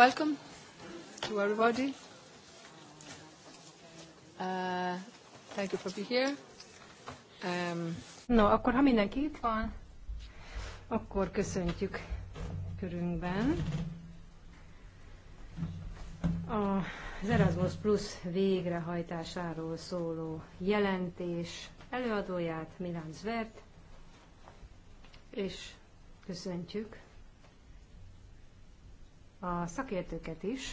welcome to everybody. Uh, thank you for being here. Um, no, akkor ha mindenki itt van, akkor köszöntjük körünkben az Erasmus Plus végrehajtásáról szóló jelentés előadóját, Milán Zvert, és köszöntjük a szakértőket is,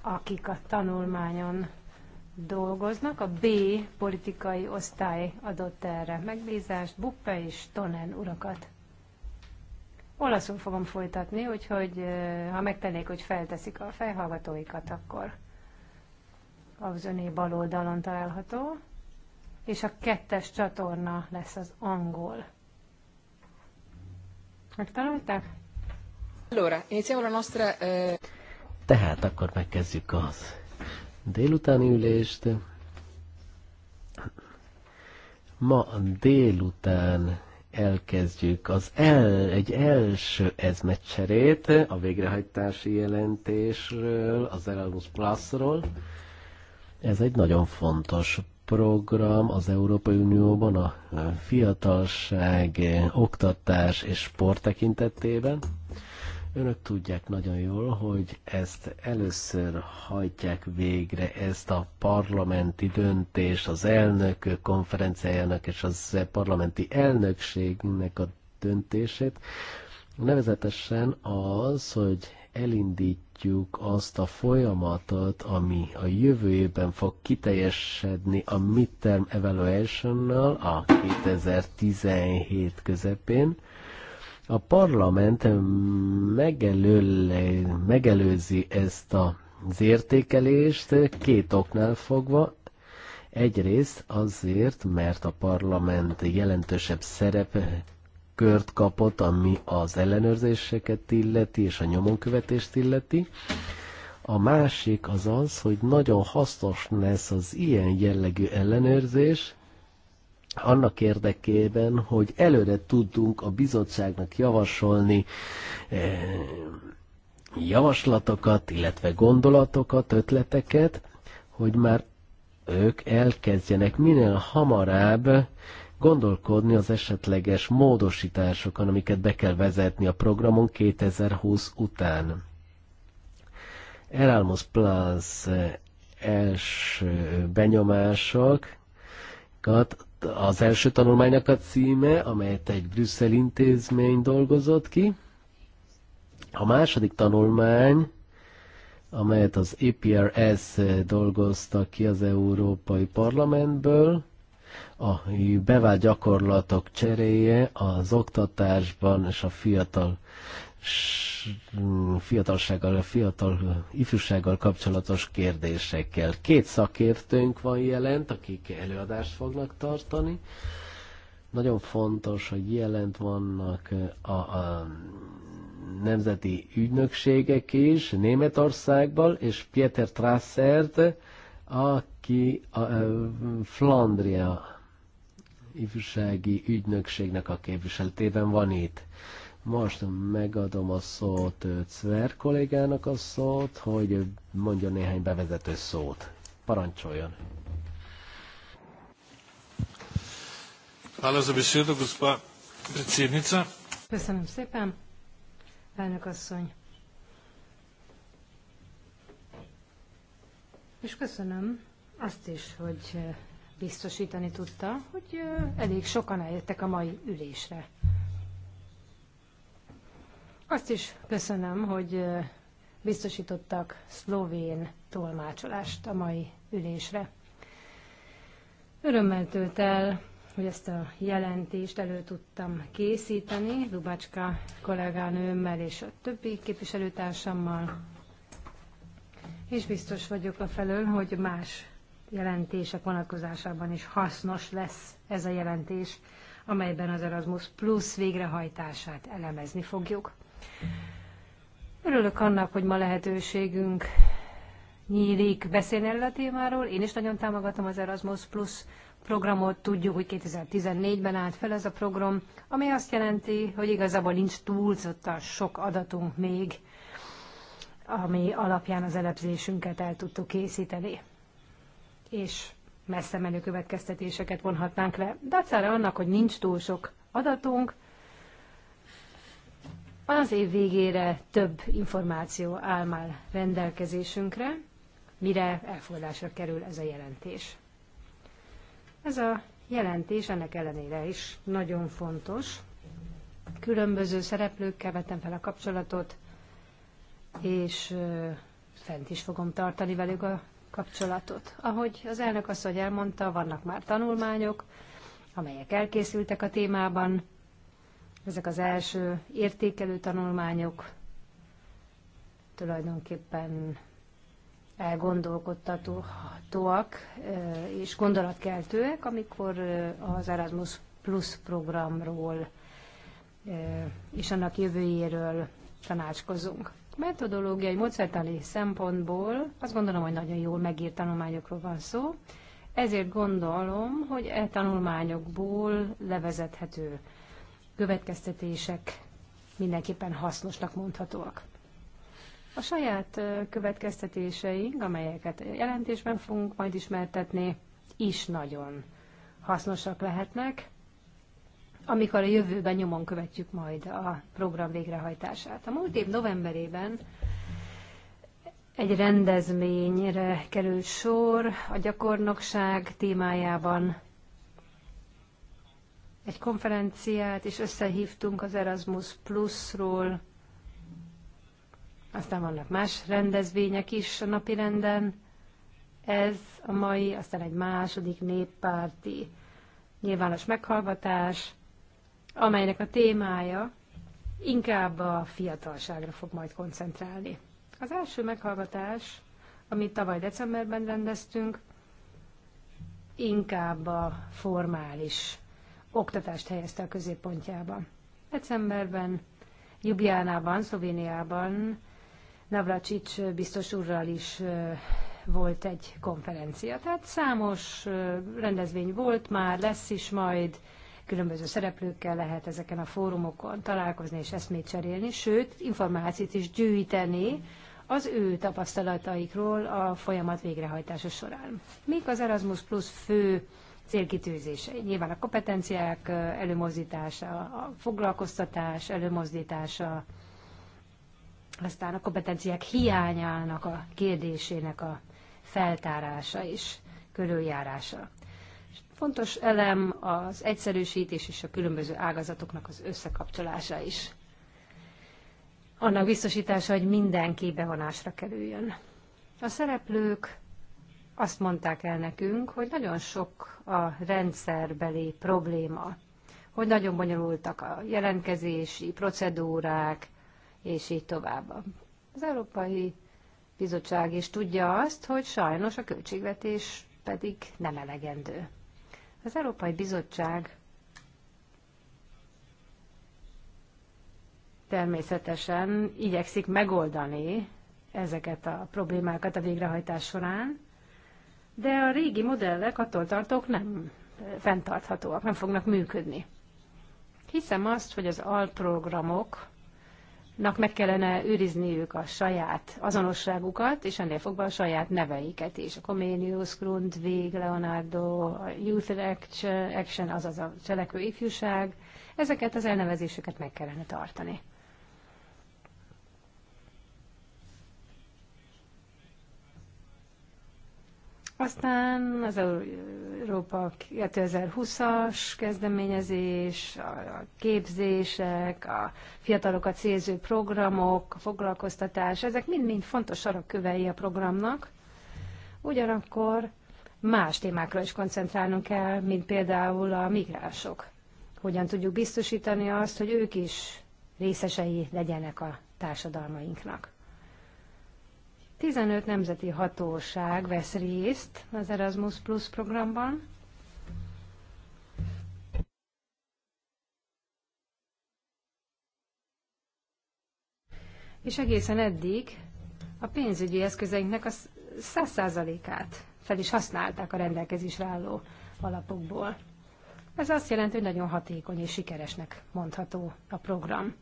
akik a tanulmányon dolgoznak. A B politikai osztály adott erre megbízást, Buppe és Tonen urakat. Olaszul fogom folytatni, úgyhogy ha megtennék, hogy felteszik a felhallgatóikat, akkor az öné bal oldalon található, és a kettes csatorna lesz az angol. Megtanulták? Eh, Tehát akkor megkezdjük az délutáni ülést. Ma délután elkezdjük az el, egy első ezmecserét a végrehajtási jelentésről, az Erasmus Plus-ról. Ez egy nagyon fontos program az Európai Unióban a fiatalság, oktatás és sport tekintetében. Önök tudják nagyon jól, hogy ezt először hajtják végre, ezt a parlamenti döntés, az elnök konferenciájának és az e parlamenti elnökségnek a döntését. Nevezetesen az, hogy elindítjuk azt a folyamatot, ami a jövő évben fog kiteljesedni a midterm evaluation-nal a 2017 közepén, a parlament megelőzi ezt az értékelést két oknál fogva. Egyrészt azért, mert a parlament jelentősebb szerep kört kapott, ami az ellenőrzéseket illeti és a nyomonkövetést illeti. A másik az az, hogy nagyon hasznos lesz az ilyen jellegű ellenőrzés, annak érdekében, hogy előre tudtunk a bizottságnak javasolni eh, javaslatokat, illetve gondolatokat, ötleteket, hogy már ők elkezdjenek minél hamarabb gondolkodni az esetleges módosításokon, amiket be kell vezetni a programon 2020 után. Erasmus Plus eh, első benyomásokat az első tanulmánynak a címe, amelyet egy brüsszel intézmény dolgozott ki. A második tanulmány, amelyet az EPRS dolgozta ki az Európai Parlamentből, a bevált gyakorlatok cseréje az oktatásban és a fiatal fiatalsággal, fiatal ifjúsággal kapcsolatos kérdésekkel. Két szakértőnk van jelent, akik előadást fognak tartani. Nagyon fontos, hogy jelent vannak a, a nemzeti ügynökségek is Németországból, és Pieter Trassert, aki a, a Flandria ifjúsági ügynökségnek a képviseletében van itt. Most megadom a szót Czver kollégának a szót, hogy mondjon néhány bevezető szót. Parancsoljon! Hvala za Köszönöm szépen, elnök asszony. És köszönöm azt is, hogy biztosítani tudta, hogy elég sokan eljöttek a mai ülésre. Azt is köszönöm, hogy biztosítottak szlovén tolmácsolást a mai ülésre. Örömmel tölt el, hogy ezt a jelentést elő tudtam készíteni Lubacska kollégánőmmel és a többi képviselőtársammal, és biztos vagyok a felől, hogy más jelentések vonatkozásában is hasznos lesz ez a jelentés, amelyben az Erasmus Plus végrehajtását elemezni fogjuk. Örülök annak, hogy ma lehetőségünk nyílik beszélni erről a témáról. Én is nagyon támogatom az Erasmus Plus programot. Tudjuk, hogy 2014-ben állt fel ez a program, ami azt jelenti, hogy igazából nincs túlzott a sok adatunk még, ami alapján az elepzésünket el tudtuk készíteni. És messze menő következtetéseket vonhatnánk le. De annak, hogy nincs túl sok adatunk, az év végére több információ áll már rendelkezésünkre, mire elfogadásra kerül ez a jelentés. Ez a jelentés ennek ellenére is nagyon fontos. Különböző szereplőkkel vettem fel a kapcsolatot, és fent is fogom tartani velük a kapcsolatot. Ahogy az elnök asszony elmondta, vannak már tanulmányok, amelyek elkészültek a témában, ezek az első értékelő tanulmányok tulajdonképpen elgondolkodtatóak és gondolatkeltőek, amikor az Erasmus Plus programról és annak jövőjéről tanácskozunk. Metodológiai, módszertani szempontból azt gondolom, hogy nagyon jól megírt tanulmányokról van szó, ezért gondolom, hogy e tanulmányokból levezethető következtetések mindenképpen hasznosnak mondhatóak. A saját következtetéseink, amelyeket jelentésben fogunk majd ismertetni, is nagyon hasznosak lehetnek, amikor a jövőben nyomon követjük majd a program végrehajtását. A múlt év novemberében egy rendezményre került sor a gyakornokság témájában, egy konferenciát, és összehívtunk az Erasmus Plus-ról. Aztán vannak más rendezvények is a napi renden. Ez a mai, aztán egy második néppárti nyilvános meghallgatás, amelynek a témája inkább a fiatalságra fog majd koncentrálni. Az első meghallgatás, amit tavaly decemberben rendeztünk, inkább a formális oktatást helyezte a középpontjába. Decemberben Jubjánában, Szlovéniában Navracsics biztos úrral is volt egy konferencia. Tehát számos rendezvény volt már, lesz is majd, különböző szereplőkkel lehet ezeken a fórumokon találkozni és eszmét cserélni, sőt, információt is gyűjteni az ő tapasztalataikról a folyamat végrehajtása során. Mik az Erasmus Plus fő célkitűzése. Nyilván a kompetenciák előmozdítása, a foglalkoztatás előmozdítása, aztán a kompetenciák hiányának a kérdésének a feltárása és körüljárása. Fontos elem az egyszerűsítés és a különböző ágazatoknak az összekapcsolása is. Annak biztosítása, hogy mindenki bevonásra kerüljön. A szereplők azt mondták el nekünk, hogy nagyon sok a rendszerbeli probléma, hogy nagyon bonyolultak a jelentkezési procedúrák, és így tovább. Az Európai Bizottság is tudja azt, hogy sajnos a költségvetés pedig nem elegendő. Az Európai Bizottság természetesen igyekszik megoldani ezeket a problémákat a végrehajtás során, de a régi modellek attól tartok nem fenntarthatóak, nem fognak működni. Hiszem azt, hogy az alprogramoknak meg kellene őrizniük a saját azonosságukat, és ennél fogva a saját neveiket is. A Comenius, Grundvig, Leonardo, a Youth Action, azaz a cselekvő ifjúság, ezeket az elnevezéseket meg kellene tartani. Aztán az Európa 2020-as kezdeményezés, a képzések, a fiatalokat célző programok, a foglalkoztatás, ezek mind-mind fontos sarokkövei a programnak. Ugyanakkor más témákra is koncentrálnunk kell, mint például a migránsok. Hogyan tudjuk biztosítani azt, hogy ők is részesei legyenek a társadalmainknak. 15 nemzeti hatóság vesz részt az Erasmus Plus programban. És egészen eddig a pénzügyi eszközeinknek a 100%-át fel is használták a rendelkezésre álló alapokból. Ez azt jelenti, hogy nagyon hatékony és sikeresnek mondható a program.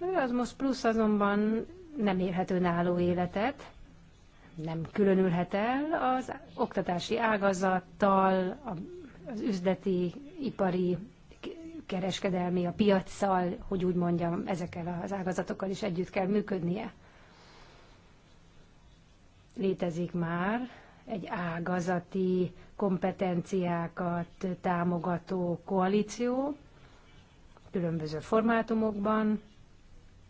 Az Erasmus Plus azonban nem élhet önálló életet, nem különülhet el az oktatási ágazattal, az üzleti, ipari, kereskedelmi, a piacsal, hogy úgy mondjam, ezekkel az ágazatokkal is együtt kell működnie. Létezik már egy ágazati kompetenciákat támogató koalíció, különböző formátumokban,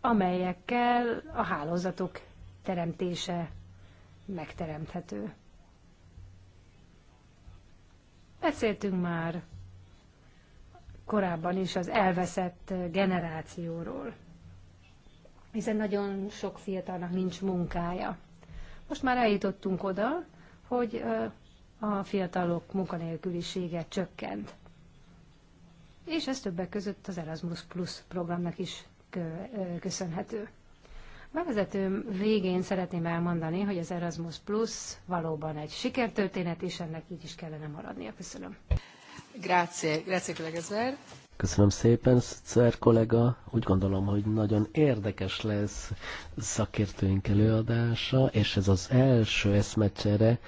amelyekkel a hálózatok teremtése megteremthető. Beszéltünk már korábban is az elveszett generációról, hiszen nagyon sok fiatalnak nincs munkája. Most már eljutottunk oda, hogy a fiatalok munkanélkülisége csökkent. És ez többek között az Erasmus Plus programnak is köszönhető. Bevezetőm végén szeretném elmondani, hogy az Erasmus Plus valóban egy sikertörténet, és ennek így is kellene maradnia. Köszönöm. Grazie, grazie kollega Zver. Köszönöm szépen, Szer kollega. Úgy gondolom, hogy nagyon érdekes lesz szakértőink előadása, és ez az első eszmecsere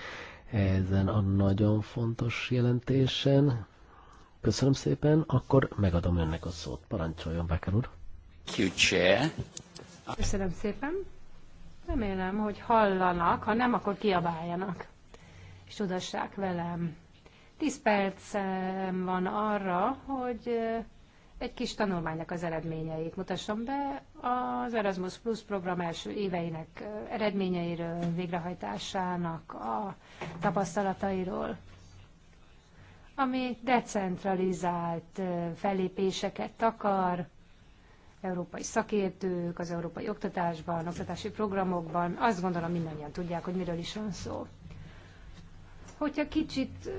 ezen a nagyon fontos jelentésen. Köszönöm szépen, akkor megadom önnek a szót. Parancsoljon, Becker úr! Köszönöm szépen. Remélem, hogy hallanak, ha nem, akkor kiabáljanak, és tudassák velem. Tíz percem van arra, hogy egy kis tanulmánynak az eredményeit mutassam be az Erasmus Plus program első éveinek eredményeiről, végrehajtásának, a tapasztalatairól, ami decentralizált fellépéseket takar, európai szakértők az európai oktatásban, oktatási programokban. Azt gondolom mindannyian tudják, hogy miről is van szó. Hogyha kicsit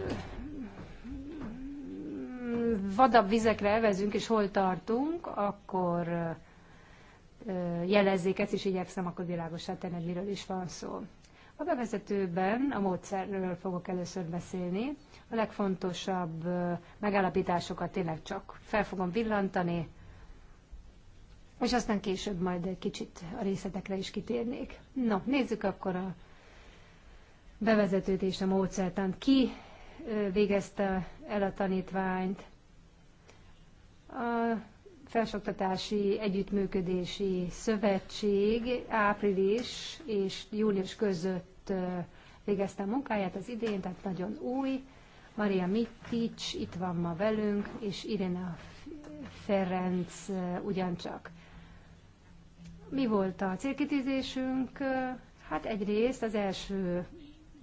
vadabb vizekre evezünk, és hol tartunk, akkor jelezzék ezt, és igyekszem akkor világosá tenni, hogy miről is van szó. A bevezetőben a módszerről fogok először beszélni. A legfontosabb megállapításokat tényleg csak fel fogom villantani, és aztán később majd egy kicsit a részletekre is kitérnék. Na nézzük akkor a bevezetőt és a módszertant. Ki végezte el a tanítványt? A Felsoktatási Együttműködési Szövetség április és június között végezte a munkáját az idén, tehát nagyon új. Maria Mitics itt van ma velünk, és Irena Ferenc ugyancsak. Mi volt a célkitűzésünk? Hát egyrészt az első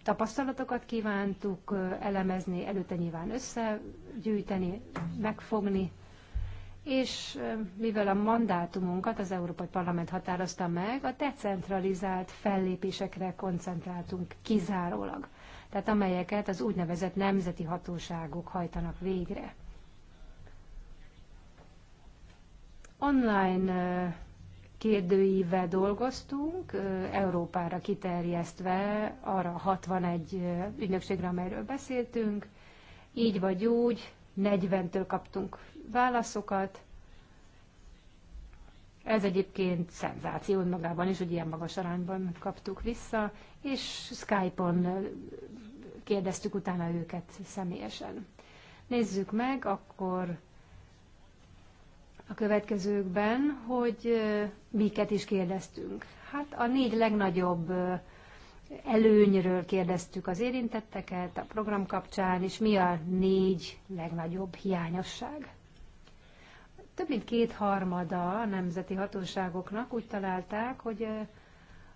tapasztalatokat kívántuk elemezni, előtte nyilván összegyűjteni, megfogni, és mivel a mandátumunkat az Európai Parlament határozta meg, a decentralizált fellépésekre koncentráltunk kizárólag, tehát amelyeket az úgynevezett nemzeti hatóságok hajtanak végre. Online kérdőívvel dolgoztunk, Európára kiterjesztve arra 61 ügynökségre, amelyről beszéltünk. Így vagy úgy, 40-től kaptunk válaszokat. Ez egyébként szenzáció magában is, hogy ilyen magas arányban kaptuk vissza, és Skype-on kérdeztük utána őket személyesen. Nézzük meg, akkor a következőkben, hogy miket is kérdeztünk. Hát a négy legnagyobb előnyről kérdeztük az érintetteket a program kapcsán, és mi a négy legnagyobb hiányosság. Több mint kétharmada a nemzeti hatóságoknak úgy találták, hogy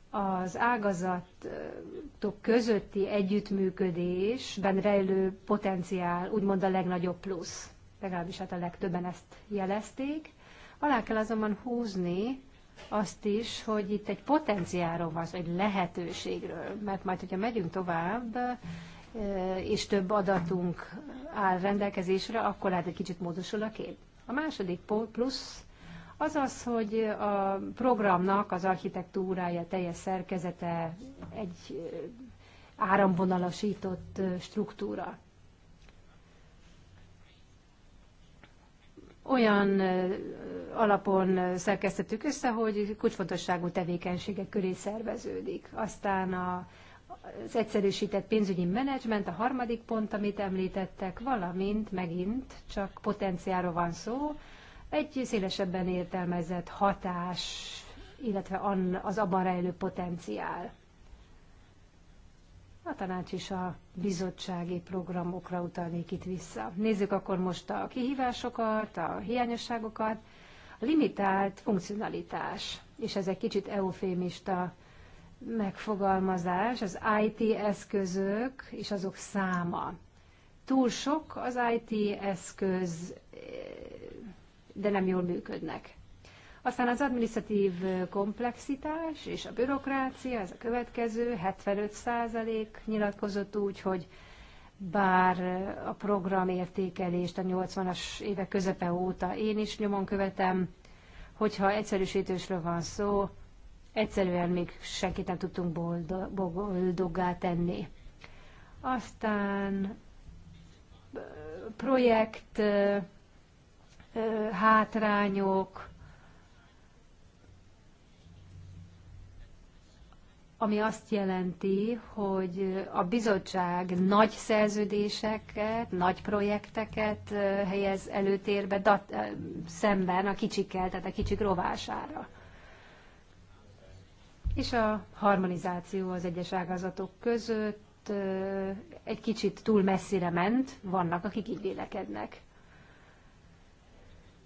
az ágazatok közötti együttműködésben rejlő potenciál úgymond a legnagyobb plusz legalábbis hát a legtöbben ezt jelezték. Alá kell azonban húzni azt is, hogy itt egy potenciáról van szó, egy lehetőségről, mert majd, hogyha megyünk tovább, e, és több adatunk áll rendelkezésre, akkor hát egy kicsit módosul a kép. A második plusz az az, hogy a programnak az architektúrája, teljes szerkezete egy e, áramvonalasított e, struktúra. olyan alapon szerkesztettük össze, hogy kulcsfontosságú tevékenységek köré szerveződik. Aztán a, az egyszerűsített pénzügyi menedzsment, a harmadik pont, amit említettek, valamint megint csak potenciáról van szó, egy szélesebben értelmezett hatás, illetve az abban rejlő potenciál a tanács is a bizottsági programokra utalnék itt vissza. Nézzük akkor most a kihívásokat, a hiányosságokat. A limitált funkcionalitás, és ez egy kicsit eufémista megfogalmazás, az IT eszközök és azok száma. Túl sok az IT eszköz, de nem jól működnek. Aztán az administratív komplexitás és a bürokrácia, ez a következő, 75% nyilatkozott úgy, hogy bár a programértékelést a 80-as évek közepe óta én is nyomon követem, hogyha egyszerűsítősről van szó, egyszerűen még senkit nem tudtunk boldoggá tenni. Aztán projekt hátrányok, ami azt jelenti, hogy a bizottság nagy szerződéseket, nagy projekteket helyez előtérbe dat, szemben a kicsikkel, tehát a kicsik rovására. És a harmonizáció az egyes ágazatok között egy kicsit túl messzire ment, vannak, akik így vélekednek.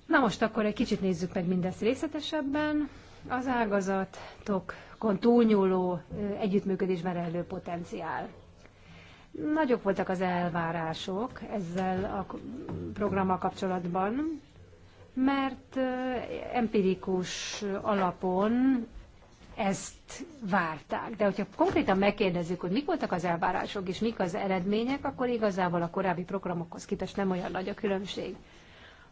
Na most akkor egy kicsit nézzük meg mindezt részletesebben. Az ágazatok határokon túlnyúló együttműködésben rejlő potenciál. Nagyok voltak az elvárások ezzel a programmal kapcsolatban, mert empirikus alapon ezt várták. De hogyha konkrétan megkérdezzük, hogy mik voltak az elvárások és mik az eredmények, akkor igazából a korábbi programokhoz képest nem olyan nagy a különbség.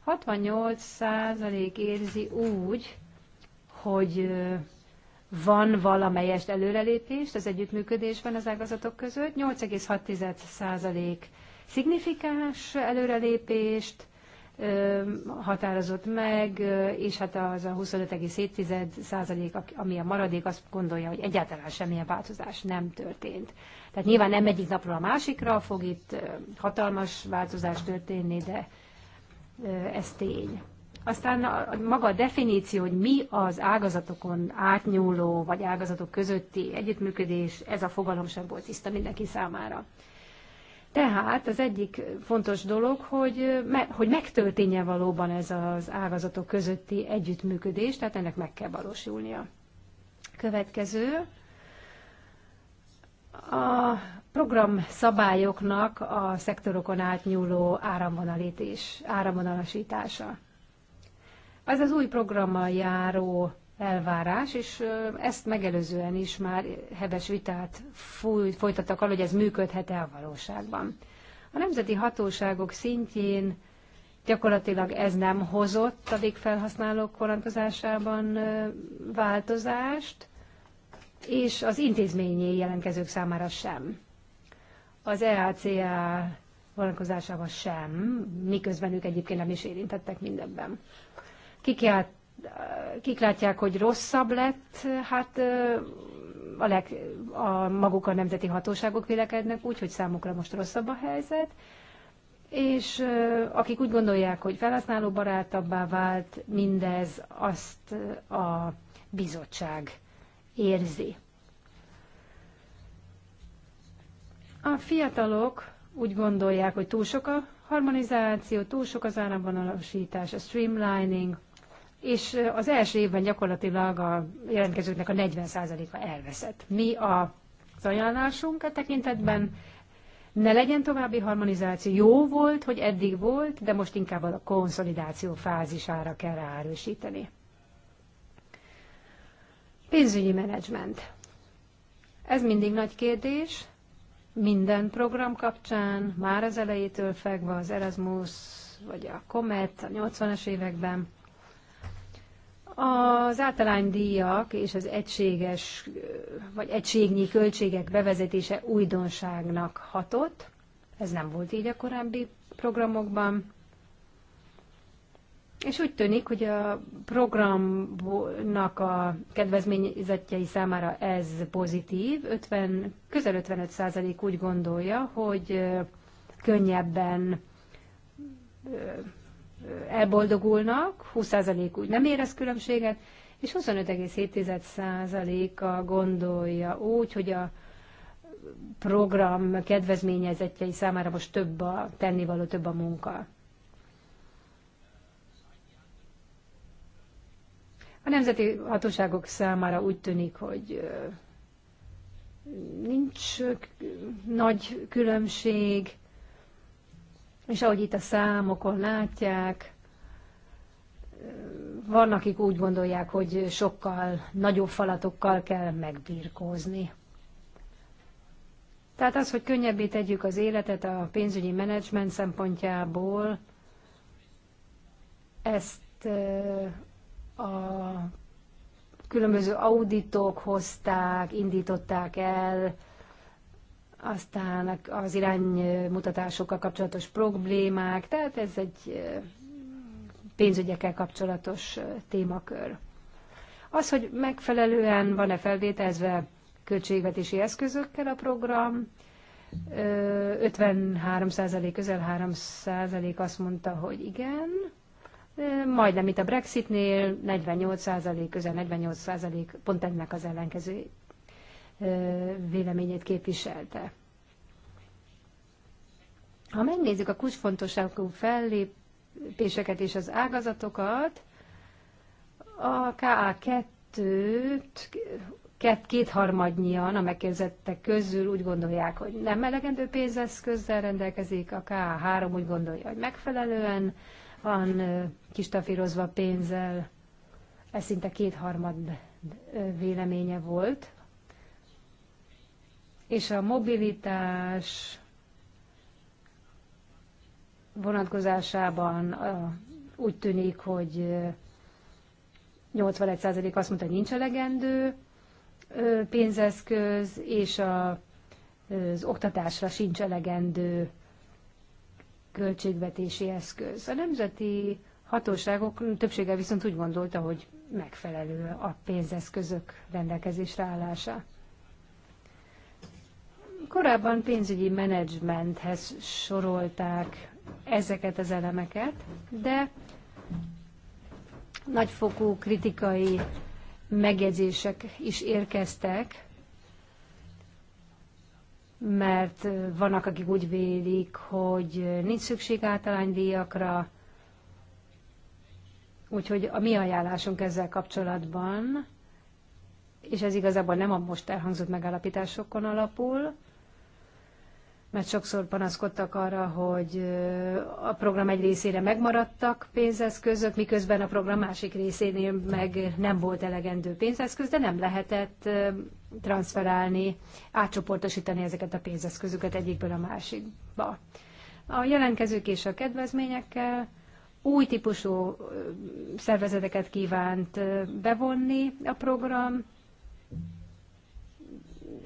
68% érzi úgy, hogy van valamelyest előrelépést az együttműködésben az ágazatok között, 8,6% szignifikáns előrelépést határozott meg, és hát az a 25,7% ami a maradék, azt gondolja, hogy egyáltalán semmilyen változás nem történt. Tehát nyilván nem egyik napról a másikra fog itt hatalmas változás történni, de ez tény. Aztán a, maga a definíció, hogy mi az ágazatokon átnyúló vagy ágazatok közötti együttműködés, ez a fogalom sem volt tiszta mindenki számára. Tehát az egyik fontos dolog, hogy, me, hogy megtörténje valóban ez az ágazatok közötti együttműködés, tehát ennek meg kell valósulnia. Következő, a program szabályoknak a szektorokon átnyúló áramvonalítás, áramvonalasítása. Az az új programmal járó elvárás, és ezt megelőzően is már heves vitát folytattak arra, hogy ez működhet-e a valóságban. A nemzeti hatóságok szintjén gyakorlatilag ez nem hozott a végfelhasználók korlátozásában változást, és az intézményi jelentkezők számára sem. Az EACA vonatkozásában sem, miközben ők egyébként nem is érintettek mindebben kik, ját, kik látják, hogy rosszabb lett, hát a, leg, a maguk a nemzeti hatóságok vélekednek úgy, hogy számukra most rosszabb a helyzet, és akik úgy gondolják, hogy felhasználó barátabbá vált, mindez azt a bizottság érzi. A fiatalok úgy gondolják, hogy túl sok a harmonizáció, túl sok az államvonalasítás, a streamlining, és az első évben gyakorlatilag a jelentkezőknek a 40%-a elveszett. Mi a ajánlásunk a e tekintetben? Ne legyen további harmonizáció. Jó volt, hogy eddig volt, de most inkább a konszolidáció fázisára kell ráerősíteni. Pénzügyi menedzsment. Ez mindig nagy kérdés. Minden program kapcsán, már az elejétől fegve az Erasmus, vagy a Comet a 80-as években – az általánydíjak és az egységes vagy egységnyi költségek bevezetése újdonságnak hatott. Ez nem volt így a korábbi programokban. És úgy tűnik, hogy a programnak a kedvezményzetjei számára ez pozitív. 50, közel 55 százalék úgy gondolja, hogy könnyebben elboldogulnak, 20% úgy nem érez különbséget, és 25,7%-a gondolja úgy, hogy a program kedvezményezettjei számára most több a tennivaló, több a munka. A nemzeti hatóságok számára úgy tűnik, hogy nincs nagy különbség, és ahogy itt a számokon látják, vannak, akik úgy gondolják, hogy sokkal nagyobb falatokkal kell megbirkózni. Tehát az, hogy könnyebbé tegyük az életet a pénzügyi menedzsment szempontjából, ezt a különböző auditok hozták, indították el, aztán az iránymutatásokkal kapcsolatos problémák, tehát ez egy pénzügyekkel kapcsolatos témakör. Az, hogy megfelelően van-e felvételezve költségvetési eszközökkel a program, 53 közel 3 azt mondta, hogy igen, majdnem itt a Brexitnél 48 közel 48 pont ennek az ellenkezőjét véleményét képviselte. Ha megnézzük a kusfontosságú fellépéseket és az ágazatokat, a KA2-t két, kétharmadnyian a megkérdezettek közül úgy gondolják, hogy nem elegendő pénzeszközzel rendelkezik, a ka 3 úgy gondolja, hogy megfelelően van kistafírozva pénzzel. Ez szinte kétharmad véleménye volt és a mobilitás vonatkozásában úgy tűnik, hogy 81% azt mondta, hogy nincs elegendő pénzeszköz, és a, az oktatásra sincs elegendő költségvetési eszköz. A nemzeti hatóságok többsége viszont úgy gondolta, hogy megfelelő a pénzeszközök rendelkezésre állása. Korábban pénzügyi menedzsmenthez sorolták ezeket az elemeket, de nagyfokú kritikai megjegyzések is érkeztek, mert vannak, akik úgy vélik, hogy nincs szükség általánydíjakra, úgyhogy a mi ajánlásunk ezzel kapcsolatban, és ez igazából nem a most elhangzott megállapításokon alapul, mert sokszor panaszkodtak arra, hogy a program egy részére megmaradtak pénzeszközök, miközben a program másik részénél meg nem volt elegendő pénzeszköz, de nem lehetett transferálni, átcsoportosítani ezeket a pénzeszközöket egyikből a másikba. A jelentkezők és a kedvezményekkel új típusú szervezeteket kívánt bevonni a program,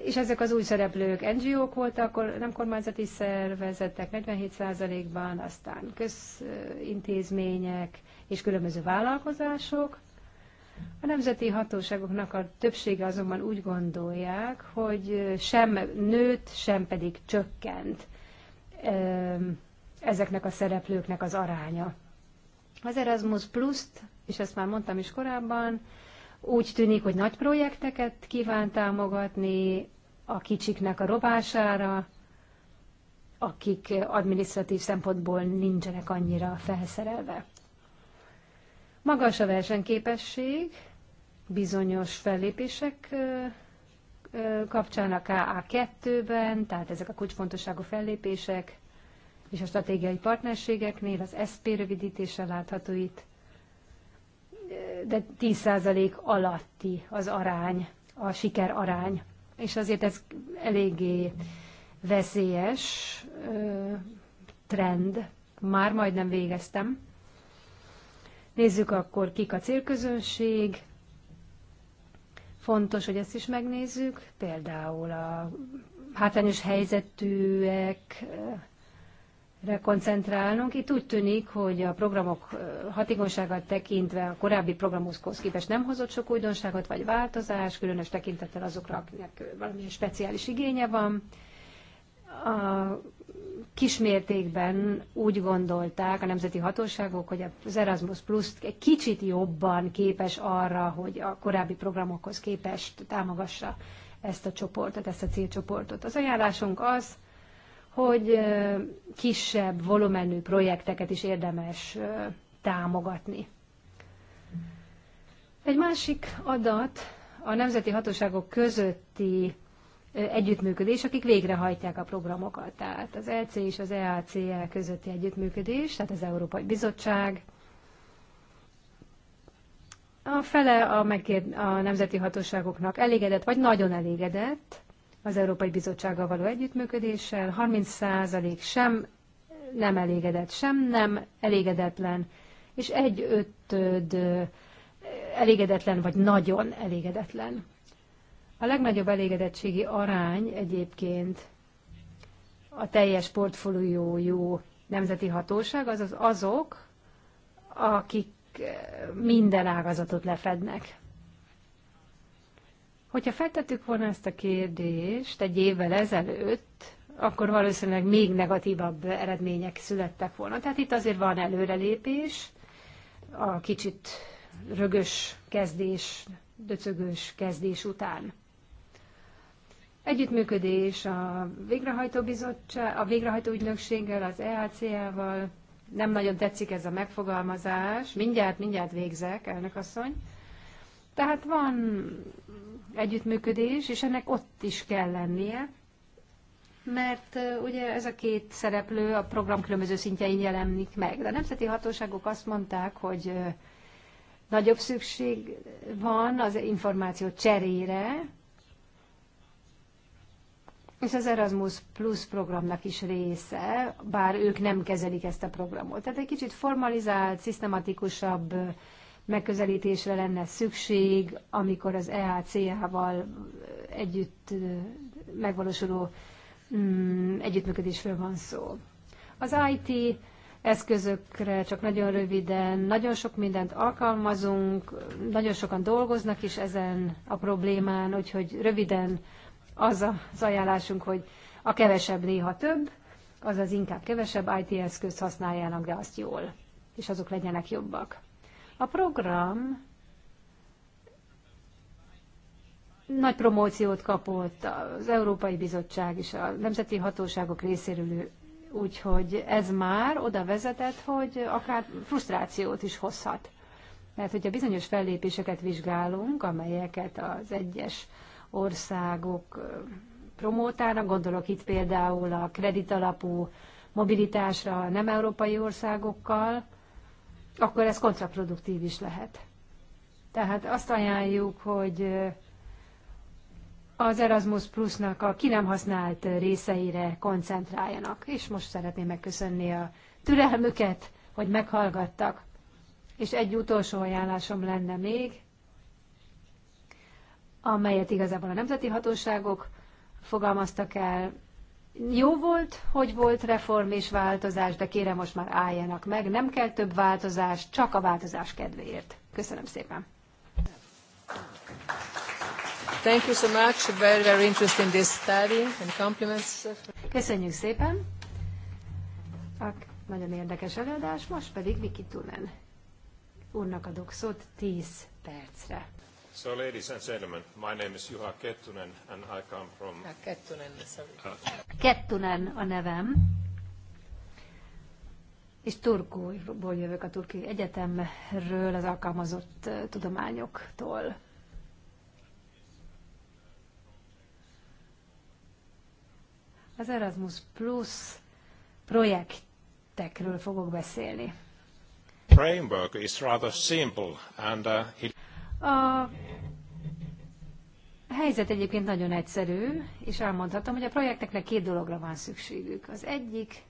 és ezek az új szereplők NGO-k voltak, nem kormányzati szervezetek 47%-ban, aztán közintézmények és különböző vállalkozások. A nemzeti hatóságoknak a többsége azonban úgy gondolják, hogy sem nőtt, sem pedig csökkent ezeknek a szereplőknek az aránya. Az Erasmus Plus-t, és ezt már mondtam is korábban, úgy tűnik, hogy nagy projekteket kíván támogatni, a kicsiknek a robására, akik administratív szempontból nincsenek annyira felszerelve. Magas a versenyképesség, bizonyos fellépések kapcsán a KA2-ben, tehát ezek a kulcsfontosságú fellépések, és a stratégiai partnerségeknél az SP rövidítése látható itt, de 10% alatti az arány, a siker arány és azért ez eléggé veszélyes trend. Már majdnem végeztem. Nézzük akkor, kik a célközönség. Fontos, hogy ezt is megnézzük. Például a hátrányos helyzetűek, koncentrálnunk. Itt úgy tűnik, hogy a programok hatékonyságát tekintve a korábbi programokhoz képest nem hozott sok újdonságot vagy változás, különös tekintettel azokra, akinek valamilyen speciális igénye van. A kismértékben úgy gondolták a nemzeti hatóságok, hogy az Erasmus Plus egy kicsit jobban képes arra, hogy a korábbi programokhoz képest támogassa ezt a csoportot, ezt a célcsoportot. Az ajánlásunk az, hogy kisebb volumenű projekteket is érdemes támogatni. Egy másik adat a nemzeti hatóságok közötti együttműködés, akik végrehajtják a programokat. Tehát az EC és az EAC közötti együttműködés, tehát az Európai Bizottság. A fele a, megkér, a nemzeti hatóságoknak elégedett, vagy nagyon elégedett az Európai Bizottsággal való együttműködéssel, 30% sem nem elégedett, sem nem elégedetlen, és egy ötöd elégedetlen vagy nagyon elégedetlen. A legnagyobb elégedettségi arány egyébként a teljes portfóliójú nemzeti hatóság, azaz azok, akik minden ágazatot lefednek. Hogyha feltettük volna ezt a kérdést egy évvel ezelőtt, akkor valószínűleg még negatívabb eredmények születtek volna. Tehát itt azért van előrelépés, a kicsit rögös kezdés, döcögős kezdés után. Együttműködés a végrehajtó bizottság, a végrehajtó ügynökséggel, az EACL-val. Nem nagyon tetszik ez a megfogalmazás. Mindjárt, mindjárt végzek, elnök asszony. Tehát van együttműködés, és ennek ott is kell lennie, mert ugye ez a két szereplő a program különböző szintjein jelenik meg. De a nemzeti hatóságok azt mondták, hogy nagyobb szükség van az információ cserére, és az Erasmus Plus programnak is része, bár ők nem kezelik ezt a programot. Tehát egy kicsit formalizált, szisztematikusabb megközelítésre lenne szükség, amikor az ehch val együtt megvalósuló mm, együttműködésről van szó. Az IT eszközökre csak nagyon röviden, nagyon sok mindent alkalmazunk, nagyon sokan dolgoznak is ezen a problémán, úgyhogy röviden az az ajánlásunk, hogy a kevesebb néha több, azaz inkább kevesebb IT eszközt használjanak, de azt jól, és azok legyenek jobbak. A program nagy promóciót kapott az Európai Bizottság és a nemzeti hatóságok részéről, úgyhogy ez már oda vezetett, hogy akár frusztrációt is hozhat. Mert hogyha bizonyos fellépéseket vizsgálunk, amelyeket az egyes országok promótálnak, gondolok itt például a kreditalapú mobilitásra nem európai országokkal, akkor ez kontraproduktív is lehet. Tehát azt ajánljuk, hogy az Erasmus Plusnak a ki nem használt részeire koncentráljanak. És most szeretném megköszönni a türelmüket, hogy meghallgattak. És egy utolsó ajánlásom lenne még, amelyet igazából a nemzeti hatóságok fogalmaztak el, jó volt, hogy volt reform és változás, de kérem most már álljanak meg, nem kell több változás, csak a változás kedvéért. Köszönöm szépen. Thank you so much. Very, very interesting this study and compliments. Köszönjük szépen. A nagyon érdekes előadás, most pedig Viki Tunen. Úrnak adok szót 10 percre. So, ladies and gentlemen, my name is Juha Kettunen, and I come from... Kettunen, sorry. Ah. Kettunen a nevem, és Turkúból jövök a Turki Egyetemről, az alkalmazott eh, tudományoktól. Az Erasmus Plus projektekről fogok beszélni. Framework is rather simple and uh, it a helyzet egyébként nagyon egyszerű, és elmondhatom, hogy a projekteknek két dologra van szükségük. Az egyik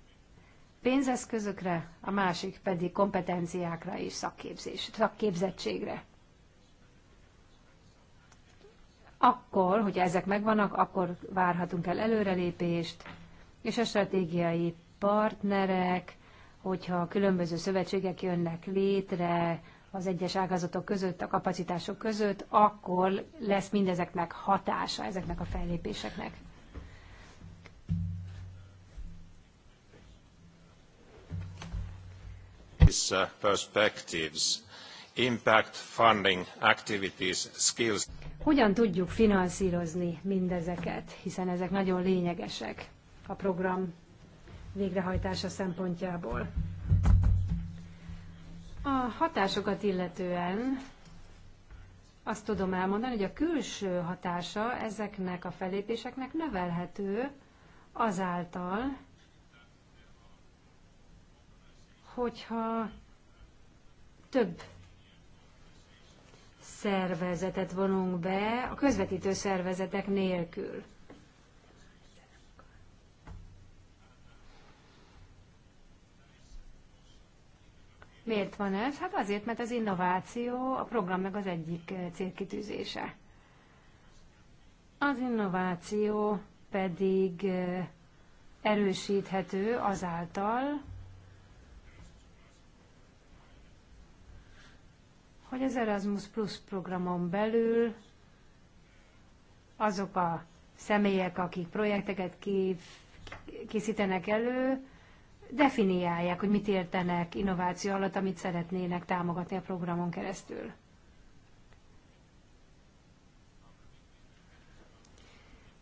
pénzeszközökre, a másik pedig kompetenciákra és szakképzés, szakképzettségre. Akkor, hogyha ezek megvannak, akkor várhatunk el előrelépést, és a stratégiai partnerek, hogyha különböző szövetségek jönnek létre, az egyes ágazatok között, a kapacitások között, akkor lesz mindezeknek hatása, ezeknek a fellépéseknek. Uh, perspectives, impact funding activities, skills. Hogyan tudjuk finanszírozni mindezeket, hiszen ezek nagyon lényegesek a program végrehajtása szempontjából. A hatásokat illetően azt tudom elmondani, hogy a külső hatása ezeknek a felépéseknek növelhető azáltal, hogyha több szervezetet vonunk be a közvetítő szervezetek nélkül. Miért van ez? Hát azért, mert az innováció a program meg az egyik eh, célkitűzése. Az innováció pedig eh, erősíthető azáltal, hogy az Erasmus Plus programon belül azok a személyek, akik projekteket kép, készítenek elő, definiálják, hogy mit értenek innováció alatt, amit szeretnének támogatni a programon keresztül.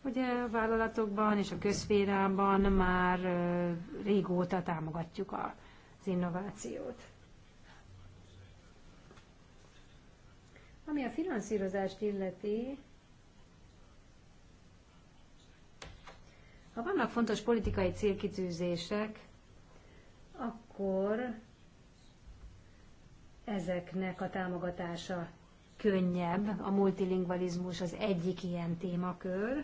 Ugye a vállalatokban és a közférában már régóta támogatjuk az innovációt. Ami a finanszírozást illeti, ha vannak fontos politikai célkitűzések, akkor ezeknek a támogatása könnyebb. A multilingvalizmus az egyik ilyen témakör,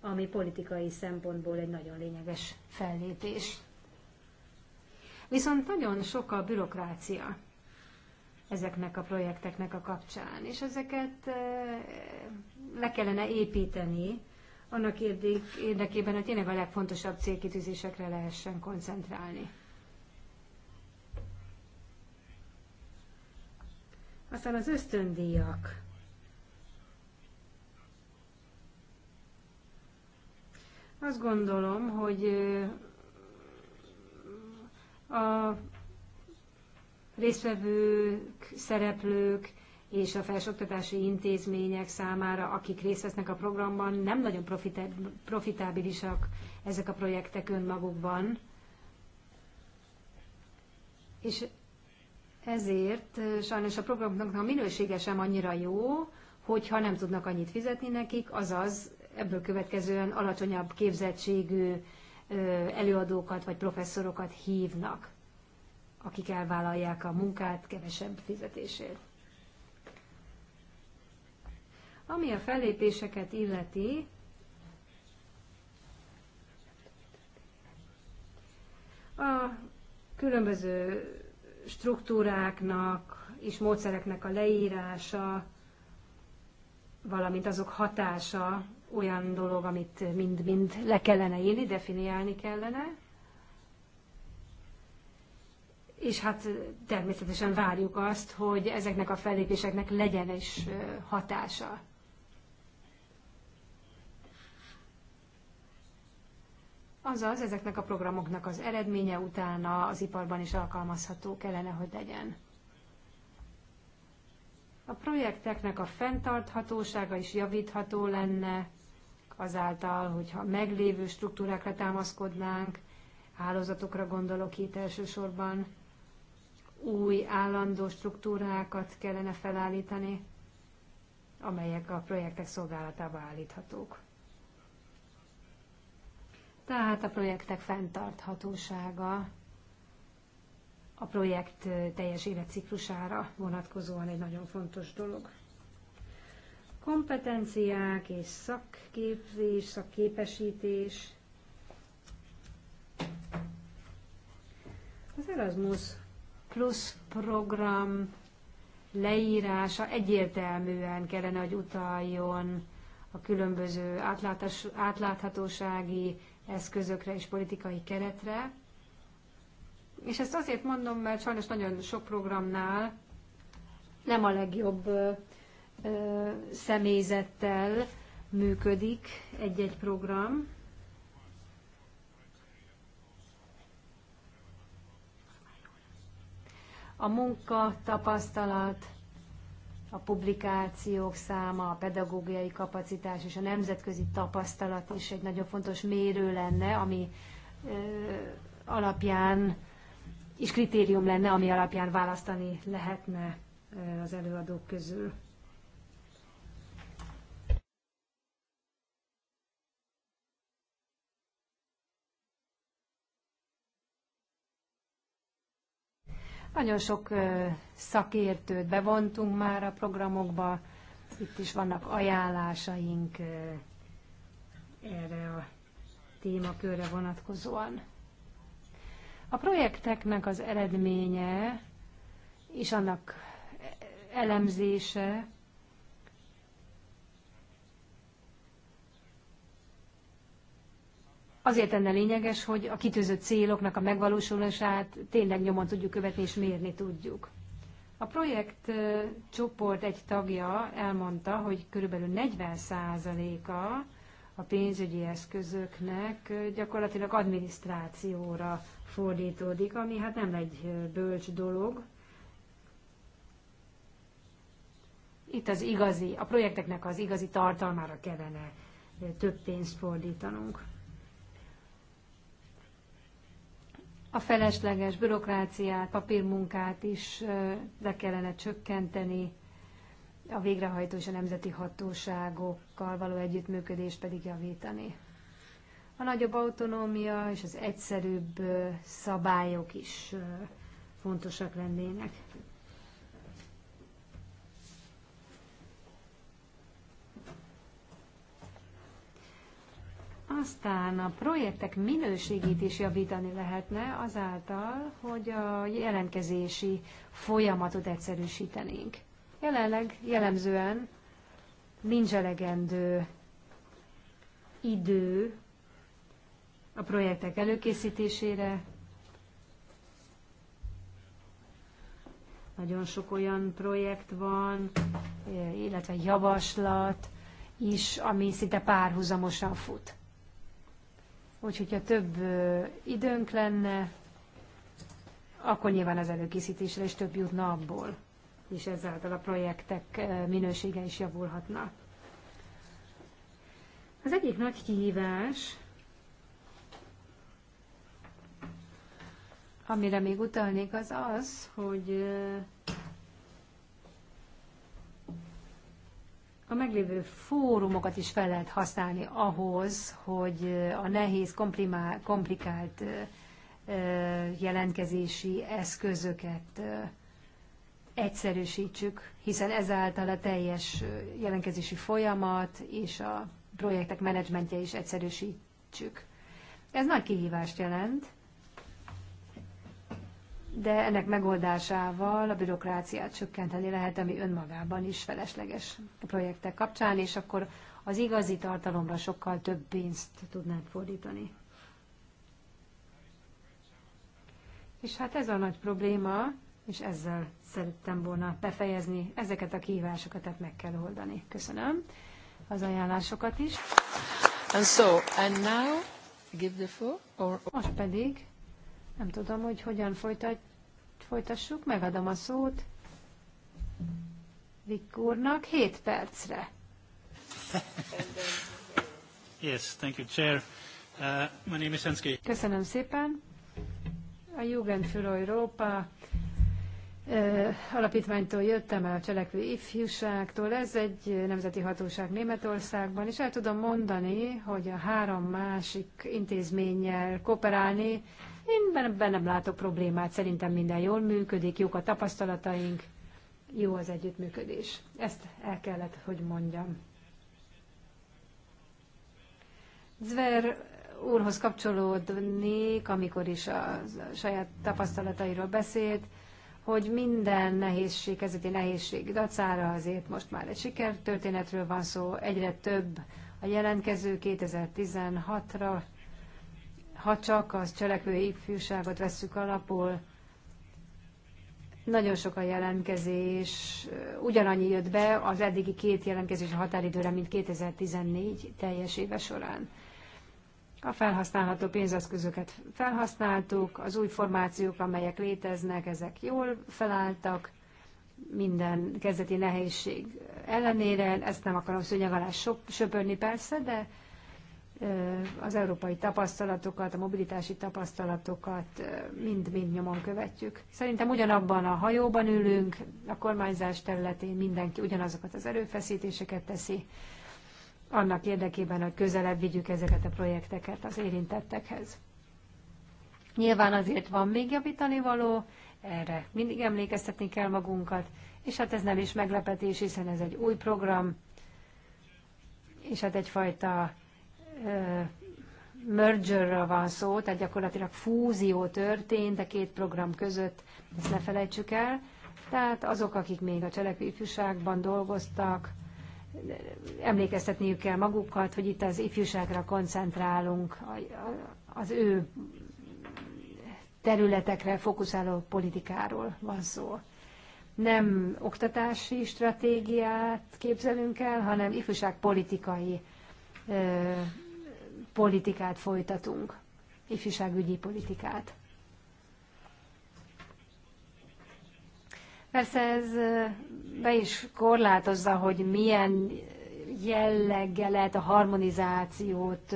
ami politikai szempontból egy nagyon lényeges fellépés. Viszont nagyon sok a bürokrácia ezeknek a projekteknek a kapcsán, és ezeket eh, le kellene építeni annak érdekében, hogy tényleg a legfontosabb célkitűzésekre lehessen koncentrálni. Aztán az ösztöndíjak. Azt gondolom, hogy a résztvevők, szereplők és a felsőoktatási intézmények számára, akik részt vesznek a programban, nem nagyon profitábilisak ezek a projektek önmagukban. És ezért sajnos a programoknak a minősége sem annyira jó, hogyha nem tudnak annyit fizetni nekik, azaz ebből következően alacsonyabb képzettségű előadókat vagy professzorokat hívnak, akik elvállalják a munkát kevesebb fizetésért. Ami a fellépéseket illeti, a különböző struktúráknak és módszereknek a leírása, valamint azok hatása olyan dolog, amit mind-mind le kellene írni, definiálni kellene. És hát természetesen várjuk azt, hogy ezeknek a fellépéseknek legyen is hatása. Azaz, ezeknek a programoknak az eredménye utána az iparban is alkalmazható kellene, hogy legyen. A projekteknek a fenntarthatósága is javítható lenne, azáltal, hogyha meglévő struktúrákra támaszkodnánk, hálózatokra gondolok itt elsősorban, új állandó struktúrákat kellene felállítani, amelyek a projektek szolgálatába állíthatók. Tehát a projektek fenntarthatósága a projekt teljes életciklusára vonatkozóan egy nagyon fontos dolog. Kompetenciák és szakképzés, szakképesítés. Az Erasmus Plus program leírása egyértelműen kellene, hogy utaljon a különböző átláthatósági eszközökre és politikai keretre. És ezt azért mondom, mert sajnos nagyon sok programnál nem a legjobb ö, ö, személyzettel működik egy-egy program. A munka, tapasztalat, a publikációk száma, a pedagógiai kapacitás és a nemzetközi tapasztalat is egy nagyon fontos mérő lenne, ami ö, alapján is kritérium lenne, ami alapján választani lehetne az előadók közül. Nagyon sok szakértőt bevontunk már a programokba, itt is vannak ajánlásaink erre a témakörre vonatkozóan. A projekteknek az eredménye és annak elemzése azért lenne lényeges, hogy a kitűzött céloknak a megvalósulását tényleg nyomon tudjuk követni és mérni tudjuk. A projekt csoport egy tagja elmondta, hogy körülbelül 40%-a a pénzügyi eszközöknek gyakorlatilag adminisztrációra fordítódik, ami hát nem egy bölcs dolog. Itt az igazi, a projekteknek az igazi tartalmára kellene több pénzt fordítanunk. a felesleges bürokráciát, papírmunkát is le kellene csökkenteni, a végrehajtó és a nemzeti hatóságokkal való együttműködést pedig javítani. A nagyobb autonómia és az egyszerűbb szabályok is fontosak lennének. Aztán a projektek minőségét is javítani lehetne azáltal, hogy a jelentkezési folyamatot egyszerűsítenénk. Jelenleg jellemzően nincs elegendő idő a projektek előkészítésére. Nagyon sok olyan projekt van, illetve javaslat is, ami szinte párhuzamosan fut. Úgyhogy, ha több időnk lenne, akkor nyilván az előkészítésre is több jutna abból, és ezáltal a projektek minősége is javulhatna. Az egyik nagy kihívás, amire még utalnék, az az, hogy a meglévő fórumokat is fel lehet használni ahhoz, hogy eh, a nehéz, komplikált eh, eh, jelentkezési eszközöket egyszerűsítsük, hiszen ezáltal a teljes jelentkezési folyamat és a projektek menedzsmentje is egyszerűsítsük. Ez nagy kihívást jelent, de ennek megoldásával a bürokráciát csökkenteni lehet, ami önmagában is felesleges a projektek kapcsán, és akkor az igazi tartalomra sokkal több pénzt tudnánk fordítani. És hát ez a nagy probléma, és ezzel szerettem volna befejezni. Ezeket a kihívásokat tehát meg kell oldani. Köszönöm az ajánlásokat is. And so, and now give the floor, or... Most pedig nem tudom, hogy hogyan folytat, folytassuk. Megadom a szót Vick úrnak 7 percre. Yes, thank you, Chair. Uh, my name is Hensky. Köszönöm szépen. A Jugend für Europa uh, alapítványtól jöttem el a Cselekvő Ifjúságtól. Ez egy nemzeti hatóság Németországban, és el tudom mondani, hogy a három másik intézménnyel kooperálni én benne nem látok problémát, szerintem minden jól működik, jók a tapasztalataink, jó az együttműködés. Ezt el kellett, hogy mondjam. Zver úrhoz kapcsolódnék, amikor is a saját tapasztalatairól beszélt, hogy minden nehézség, ezeti nehézség dacára azért most már egy sikertörténetről van szó, egyre több a jelentkező 2016-ra ha csak az cselekvő ifjúságot vesszük alapul, nagyon sok a jelentkezés, ugyanannyi jött be az eddigi két jelentkezés a határidőre, mint 2014 teljes éve során. A felhasználható pénzeszközöket felhasználtuk, az új formációk, amelyek léteznek, ezek jól felálltak, minden kezdeti nehézség ellenére. Ezt nem akarom szőnyeg alá söpörni persze, de az európai tapasztalatokat, a mobilitási tapasztalatokat mind-mind nyomon követjük. Szerintem ugyanabban a hajóban ülünk, a kormányzás területén mindenki ugyanazokat az erőfeszítéseket teszi, annak érdekében, hogy közelebb vigyük ezeket a projekteket az érintettekhez. Nyilván azért van még javítani való, erre mindig emlékeztetni kell magunkat, és hát ez nem is meglepetés, hiszen ez egy új program, és hát egyfajta mergerről van szó, tehát gyakorlatilag fúzió történt a két program között, ezt ne felejtsük el. Tehát azok, akik még a cselekvő dolgoztak, emlékeztetniük kell magukat, hogy itt az ifjúságra koncentrálunk, az ő területekre fókuszáló politikáról van szó. Nem oktatási stratégiát képzelünk el, hanem ifjúságpolitikai politikát folytatunk, ifjúságügyi politikát. Persze ez be is korlátozza, hogy milyen jelleggel lehet a harmonizációt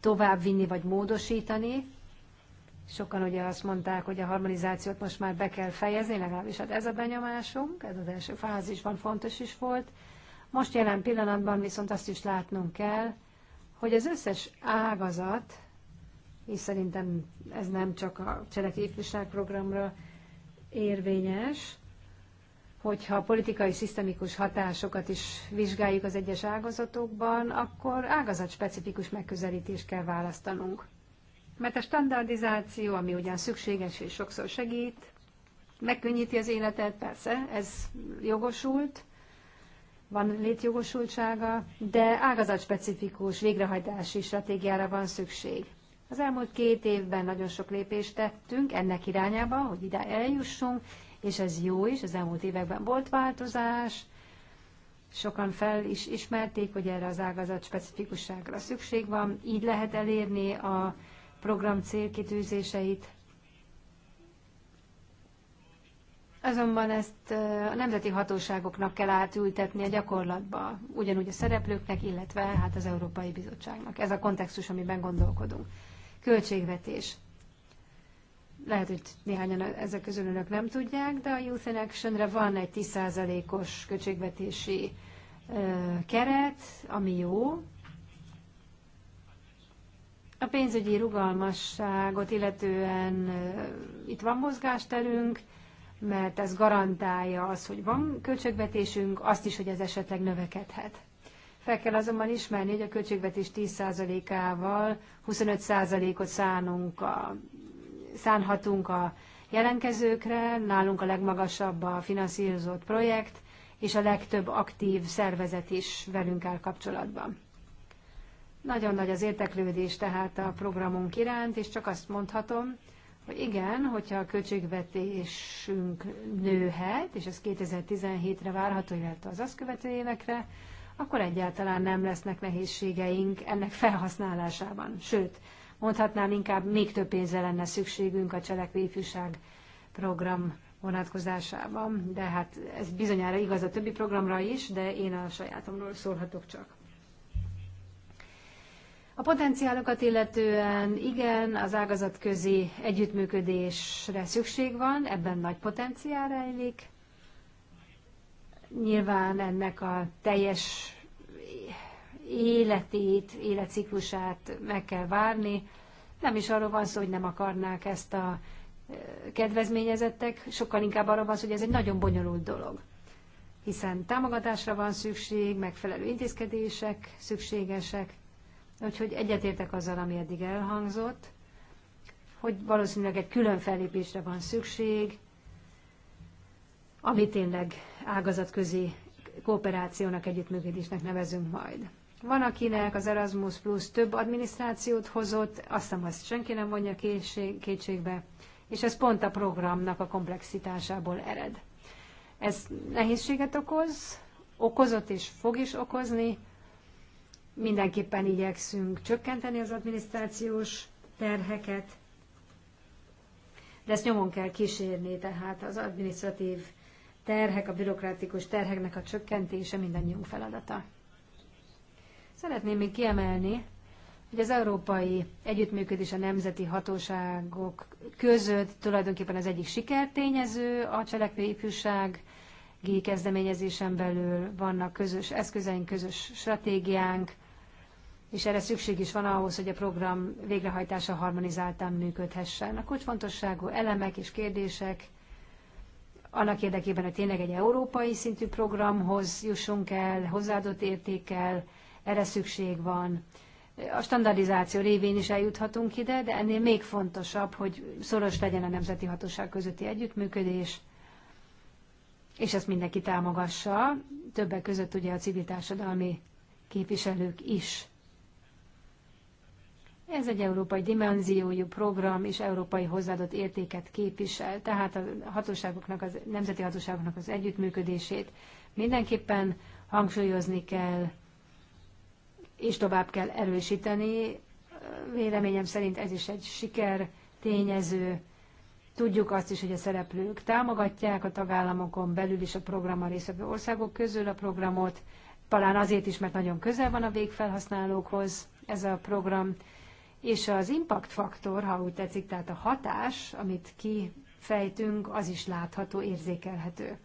továbbvinni vagy módosítani. Sokan ugye azt mondták, hogy a harmonizációt most már be kell fejezni, legalábbis hát ez a benyomásunk, ez az első fázisban fontos is volt. Most jelen pillanatban viszont azt is látnunk kell, hogy az összes ágazat, és szerintem ez nem csak a cselekvésviság programra érvényes, hogyha a politikai szisztemikus hatásokat is vizsgáljuk az egyes ágazatokban, akkor ágazatspecifikus megközelítést kell választanunk. Mert a standardizáció, ami ugyan szükséges és sokszor segít, megkönnyíti az életet, persze, ez jogosult, van létjogosultsága, de ágazatspecifikus végrehajtási stratégiára van szükség. Az elmúlt két évben nagyon sok lépést tettünk ennek irányába, hogy ide eljussunk, és ez jó is, az elmúlt években volt változás, sokan fel is ismerték, hogy erre az ágazat specifikusságra szükség van, így lehet elérni a program célkitűzéseit, Azonban ezt a nemzeti hatóságoknak kell átültetni a gyakorlatba, ugyanúgy a szereplőknek, illetve hát az Európai Bizottságnak. Ez a kontextus, amiben gondolkodunk. Költségvetés. Lehet, hogy néhányan ezek közül önök nem tudják, de a Youth in Action-re van egy 10%-os költségvetési keret, ami jó. A pénzügyi rugalmasságot illetően itt van mozgásterünk, mert ez garantálja az, hogy van költségvetésünk, azt is, hogy ez esetleg növekedhet. Fel kell azonban ismerni, hogy a költségvetés 10%-ával 25%-ot szánunk a, szánhatunk a jelenkezőkre, nálunk a legmagasabb a finanszírozott projekt, és a legtöbb aktív szervezet is velünk áll kapcsolatban. Nagyon nagy az érteklődés tehát a programunk iránt, és csak azt mondhatom, hogy igen, hogyha a költségvetésünk nőhet, és ez 2017-re várható, illetve az azt követő évekre, akkor egyáltalán nem lesznek nehézségeink ennek felhasználásában. Sőt, mondhatnám inkább még több pénzre lenne szükségünk a cselekvéfűság program vonatkozásában, de hát ez bizonyára igaz a többi programra is, de én a sajátomról szólhatok csak. A potenciálokat illetően igen, az ágazatközi együttműködésre szükség van, ebben nagy potenciál rejlik. Nyilván ennek a teljes életét, életciklusát meg kell várni. Nem is arról van szó, hogy nem akarnák ezt a kedvezményezettek, sokkal inkább arról van szó, hogy ez egy nagyon bonyolult dolog hiszen támogatásra van szükség, megfelelő intézkedések szükségesek, Úgyhogy egyetértek azzal, ami eddig elhangzott, hogy valószínűleg egy külön fellépésre van szükség, ami tényleg ágazatközi kooperációnak, együttműködésnek nevezünk majd. Van, akinek az Erasmus Plus több adminisztrációt hozott, azt hiszem, azt senki nem mondja kétségbe, és ez pont a programnak a komplexitásából ered. Ez nehézséget okoz, okozott és fog is okozni, Mindenképpen igyekszünk csökkenteni az adminisztrációs terheket, de ezt nyomon kell kísérni, tehát az adminisztratív terhek, a bürokratikus terheknek a csökkentése mindannyiunk feladata. Szeretném még kiemelni, hogy az európai együttműködés a nemzeti hatóságok között tulajdonképpen az egyik sikertényező, a cselekvő ifjúság kezdeményezésen belül vannak közös eszközeink, közös stratégiánk, és erre szükség is van ahhoz, hogy a program végrehajtása harmonizáltan működhessen. A kulcsfontosságú elemek és kérdések annak érdekében, hogy tényleg egy európai szintű programhoz jussunk el, hozzáadott értékkel, erre szükség van. A standardizáció révén is eljuthatunk ide, de ennél még fontosabb, hogy szoros legyen a nemzeti hatóság közötti együttműködés, és ezt mindenki támogassa, többek között ugye a civil társadalmi képviselők is. Ez egy európai dimenziójú program, és európai hozzáadott értéket képvisel, tehát a hatóságoknak, az nemzeti hatóságoknak az együttműködését mindenképpen hangsúlyozni kell, és tovább kell erősíteni. Véleményem szerint ez is egy siker tényező. Tudjuk azt is, hogy a szereplők támogatják a tagállamokon belül is a a részvevő országok közül a programot, talán azért is, mert nagyon közel van a végfelhasználókhoz ez a program, és az impact faktor, ha úgy tetszik, tehát a hatás, amit kifejtünk, az is látható, érzékelhető.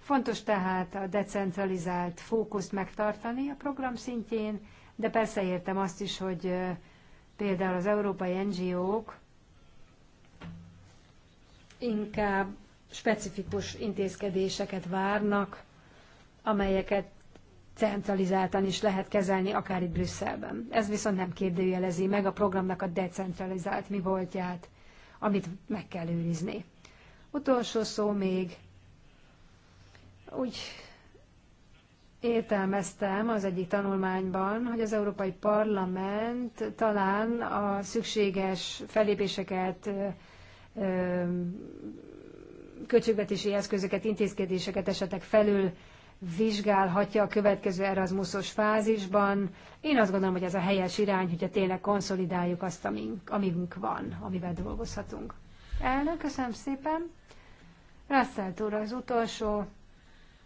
Fontos tehát a decentralizált fókuszt megtartani a program szintjén, de persze értem azt is, hogy például az európai NGO-k inkább specifikus intézkedéseket várnak, amelyeket centralizáltan is lehet kezelni, akár itt Brüsszelben. Ez viszont nem kérdőjelezi meg a programnak a decentralizált mi voltját, amit meg kell őrizni. Utolsó szó még. Úgy értelmeztem az egyik tanulmányban, hogy az Európai Parlament talán a szükséges felépéseket, költségvetési eszközöket, intézkedéseket esetleg felül vizsgálhatja a következő Erasmusos fázisban. Én azt gondolom, hogy ez a helyes irány, hogyha tényleg konszolidáljuk azt, amink, amink van, amivel dolgozhatunk. Elnök, köszönöm szépen. Russell Tóra az utolsó.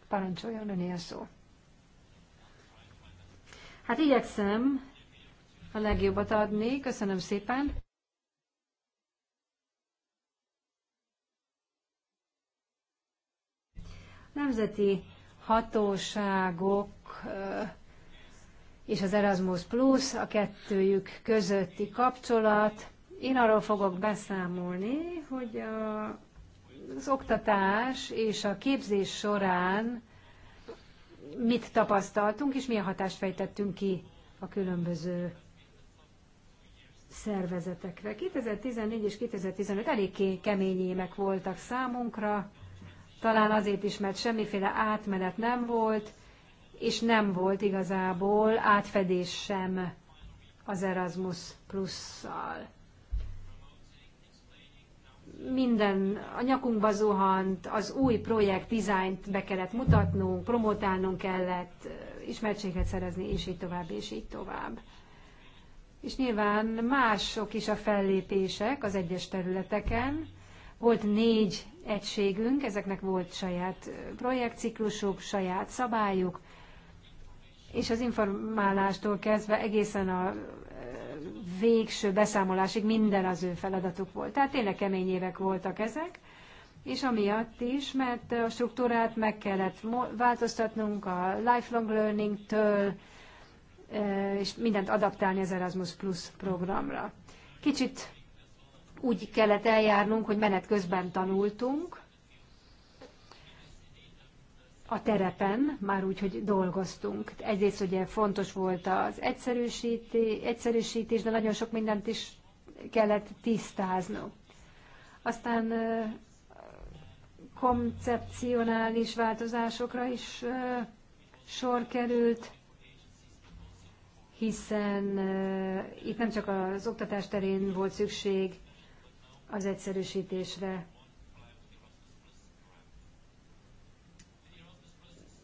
Parancsoljon öné a szó. Hát igyekszem a legjobbat adni. Köszönöm szépen. Nemzeti hatóságok és az Erasmus Plus, a kettőjük közötti kapcsolat. Én arról fogok beszámolni, hogy a, az oktatás és a képzés során mit tapasztaltunk, és milyen hatást fejtettünk ki a különböző szervezetekre. 2014 és 2015 eléggé kemény évek voltak számunkra, talán azért is, mert semmiféle átmenet nem volt, és nem volt igazából átfedés sem az Erasmus plusszal. Minden a nyakunkba zuhant, az új projekt dizájnt be kellett mutatnunk, promotálnunk kellett, ismertséget szerezni, és így tovább, és így tovább. És nyilván mások is a fellépések az egyes területeken. Volt négy egységünk, ezeknek volt saját projektciklusuk, saját szabályuk, és az informálástól kezdve egészen a végső beszámolásig minden az ő feladatuk volt. Tehát tényleg kemény évek voltak ezek, és amiatt is, mert a struktúrát meg kellett változtatnunk a lifelong learning-től, és mindent adaptálni az Erasmus Plus programra. Kicsit úgy kellett eljárnunk, hogy menet közben tanultunk a terepen, már úgy, hogy dolgoztunk. Egyrészt ugye fontos volt az egyszerűsítés, de nagyon sok mindent is kellett tisztáznunk. Aztán koncepcionális változásokra is sor került, hiszen itt nem csak az oktatás terén volt szükség az egyszerűsítésre.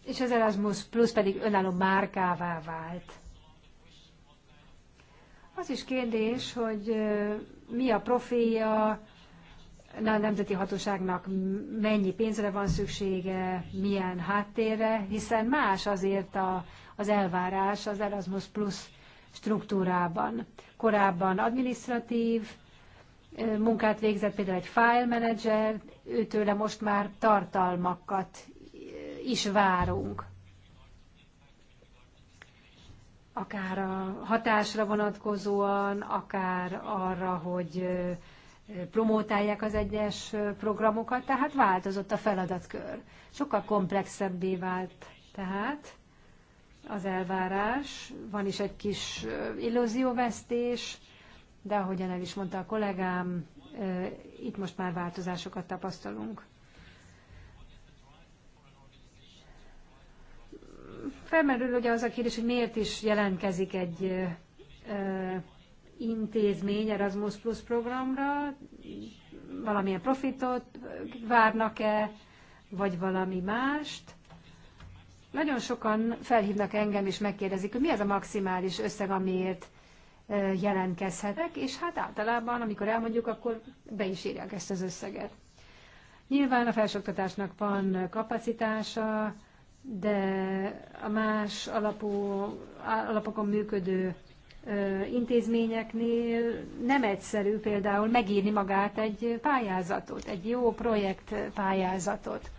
És az Erasmus Plus pedig önálló márkává vált. Az is kérdés, hogy mi a profilja a nemzeti hatóságnak, mennyi pénzre van szüksége, milyen háttérre, hiszen más azért a, az elvárás az Erasmus Plus struktúrában. Korábban administratív munkát végzett, például egy file manager, őtőle most már tartalmakat is várunk. Akár a hatásra vonatkozóan, akár arra, hogy promótálják az egyes programokat, tehát változott a feladatkör. Sokkal komplexebbé vált tehát az elvárás, van is egy kis illúzióvesztés, de ahogyan el is mondta a kollégám, itt most már változásokat tapasztalunk. Felmerül ugye az a kérdés, hogy miért is jelentkezik egy intézmény Erasmus Plus programra, valamilyen profitot várnak-e, vagy valami mást. Nagyon sokan felhívnak engem és megkérdezik, hogy mi az a maximális összeg, amiért jelentkezhetek, és hát általában, amikor elmondjuk, akkor be is írják ezt az összeget. Nyilván a felsőoktatásnak van kapacitása, de a más alapú, alapokon működő intézményeknél nem egyszerű például megírni magát egy pályázatot, egy jó projekt pályázatot.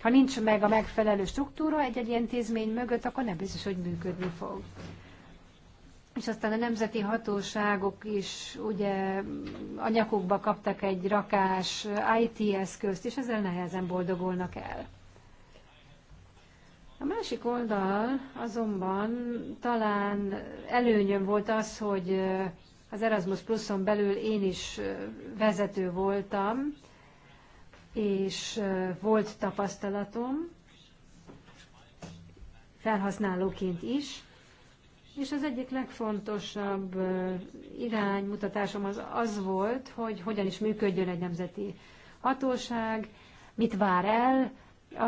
Ha nincs meg a megfelelő struktúra egy-egy intézmény mögött, akkor nem biztos, hogy működni fog és aztán a nemzeti hatóságok is ugye a nyakukba kaptak egy rakás IT eszközt, és ezzel nehezen boldogulnak el. A másik oldal azonban talán előnyöm volt az, hogy az Erasmus Pluson belül én is vezető voltam, és volt tapasztalatom felhasználóként is, és az egyik legfontosabb iránymutatásom az az volt, hogy hogyan is működjön egy nemzeti hatóság, mit vár el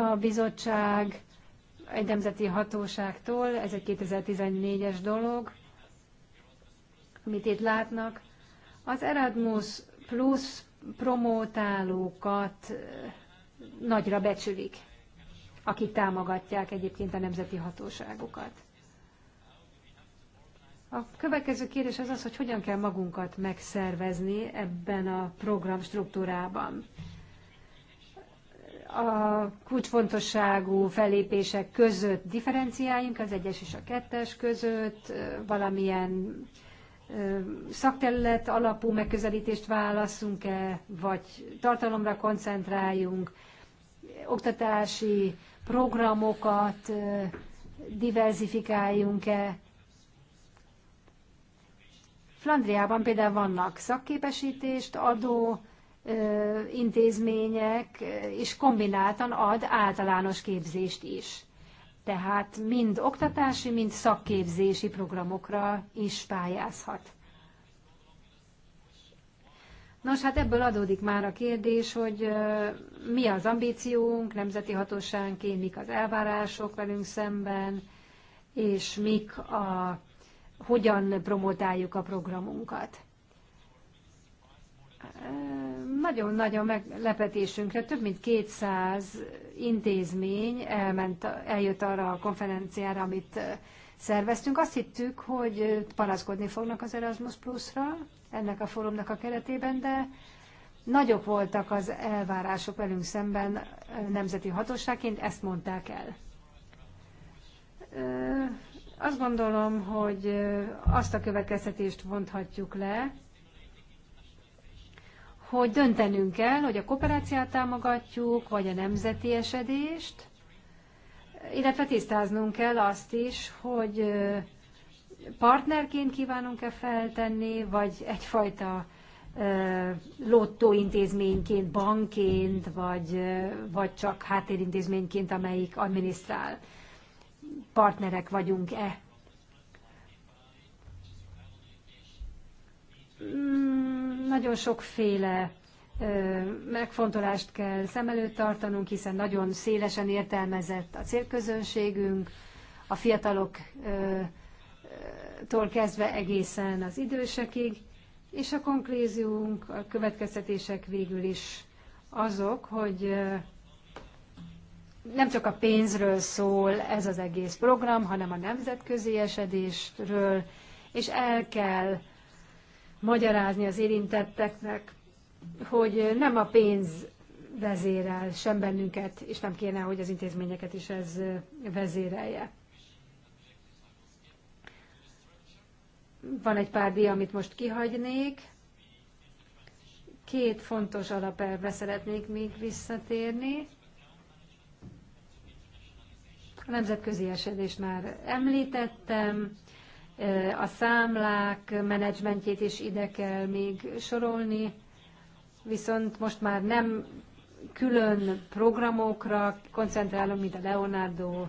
a bizottság egy nemzeti hatóságtól, ez egy 2014-es dolog, amit itt látnak. Az Erasmus Plus promótálókat nagyra becsülik, akik támogatják egyébként a nemzeti hatóságokat. A következő kérdés az az, hogy hogyan kell magunkat megszervezni ebben a program struktúrában. A kulcsfontosságú felépések között differenciáljunk az egyes és a kettes között, valamilyen szakterület alapú megközelítést válaszunk-e, vagy tartalomra koncentráljunk, oktatási programokat diversifikáljunk e Flandriában például vannak szakképesítést adó intézmények, és kombináltan ad általános képzést is. Tehát mind oktatási, mind szakképzési programokra is pályázhat. Nos, hát ebből adódik már a kérdés, hogy mi az ambíciónk nemzeti hatóságként, mik az elvárások velünk szemben, és mik a hogyan promotáljuk a programunkat. Nagyon-nagyon meglepetésünkre több mint 200 intézmény elment, eljött arra a konferenciára, amit eh, szerveztünk. Azt hittük, hogy panaszkodni fognak az Erasmus Plus-ra ennek a fórumnak a keretében, de nagyobb voltak az elvárások velünk szemben eh, nemzeti hatóságként, ezt mondták el eh, azt gondolom, hogy azt a következtetést vonthatjuk le, hogy döntenünk kell, hogy a kooperáciát támogatjuk, vagy a nemzeti esedést, illetve tisztáznunk kell azt is, hogy partnerként kívánunk-e feltenni, vagy egyfajta lottóintézményként, bankként, vagy, vagy csak háttérintézményként, amelyik adminisztrál partnerek vagyunk-e. Mm, nagyon sokféle megfontolást kell szem előtt tartanunk, hiszen nagyon szélesen értelmezett a célközönségünk, a fiataloktól kezdve egészen az idősekig, és a konklúziónk, a következtetések végül is azok, hogy nem csak a pénzről szól ez az egész program, hanem a nemzetközi esedésről, és el kell magyarázni az érintetteknek, hogy nem a pénz vezérel sem bennünket, és nem kéne, hogy az intézményeket is ez vezérelje. Van egy pár díj, amit most kihagynék. Két fontos alapelve szeretnék még visszatérni. A nemzetközi esedést már említettem, a számlák menedzsmentjét is ide kell még sorolni, viszont most már nem külön programokra koncentrálom, mint a Leonardo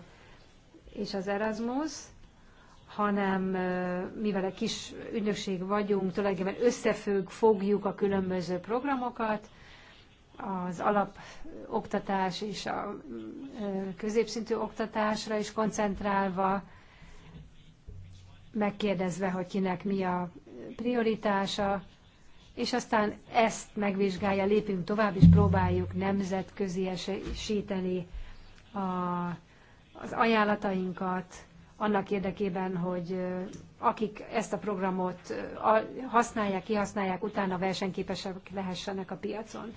és az Erasmus, hanem mivel egy kis ügynökség vagyunk, tulajdonképpen összefügg, fogjuk a különböző programokat, az alapoktatás és a középszintű oktatásra is koncentrálva, megkérdezve, hogy kinek mi a prioritása, és aztán ezt megvizsgálja, lépünk tovább, és próbáljuk nemzetközi esíteni a, az ajánlatainkat, annak érdekében, hogy akik ezt a programot használják, kihasználják, utána versenyképesek lehessenek a piacon.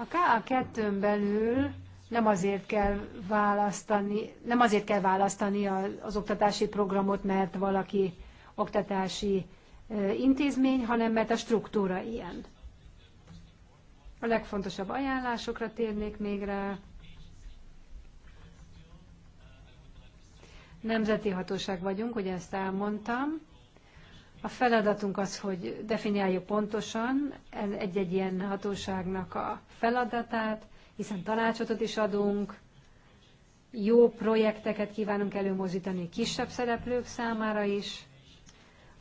A ka 2 belül nem azért kell választani, nem azért kell választani az oktatási programot, mert valaki oktatási intézmény, hanem mert a struktúra ilyen. A legfontosabb ajánlásokra térnék még rá. Nemzeti hatóság vagyunk, ugye ezt elmondtam. A feladatunk az, hogy definiáljuk pontosan egy-egy ilyen hatóságnak a feladatát, hiszen tanácsot is adunk, jó projekteket kívánunk előmozdítani kisebb szereplők számára is,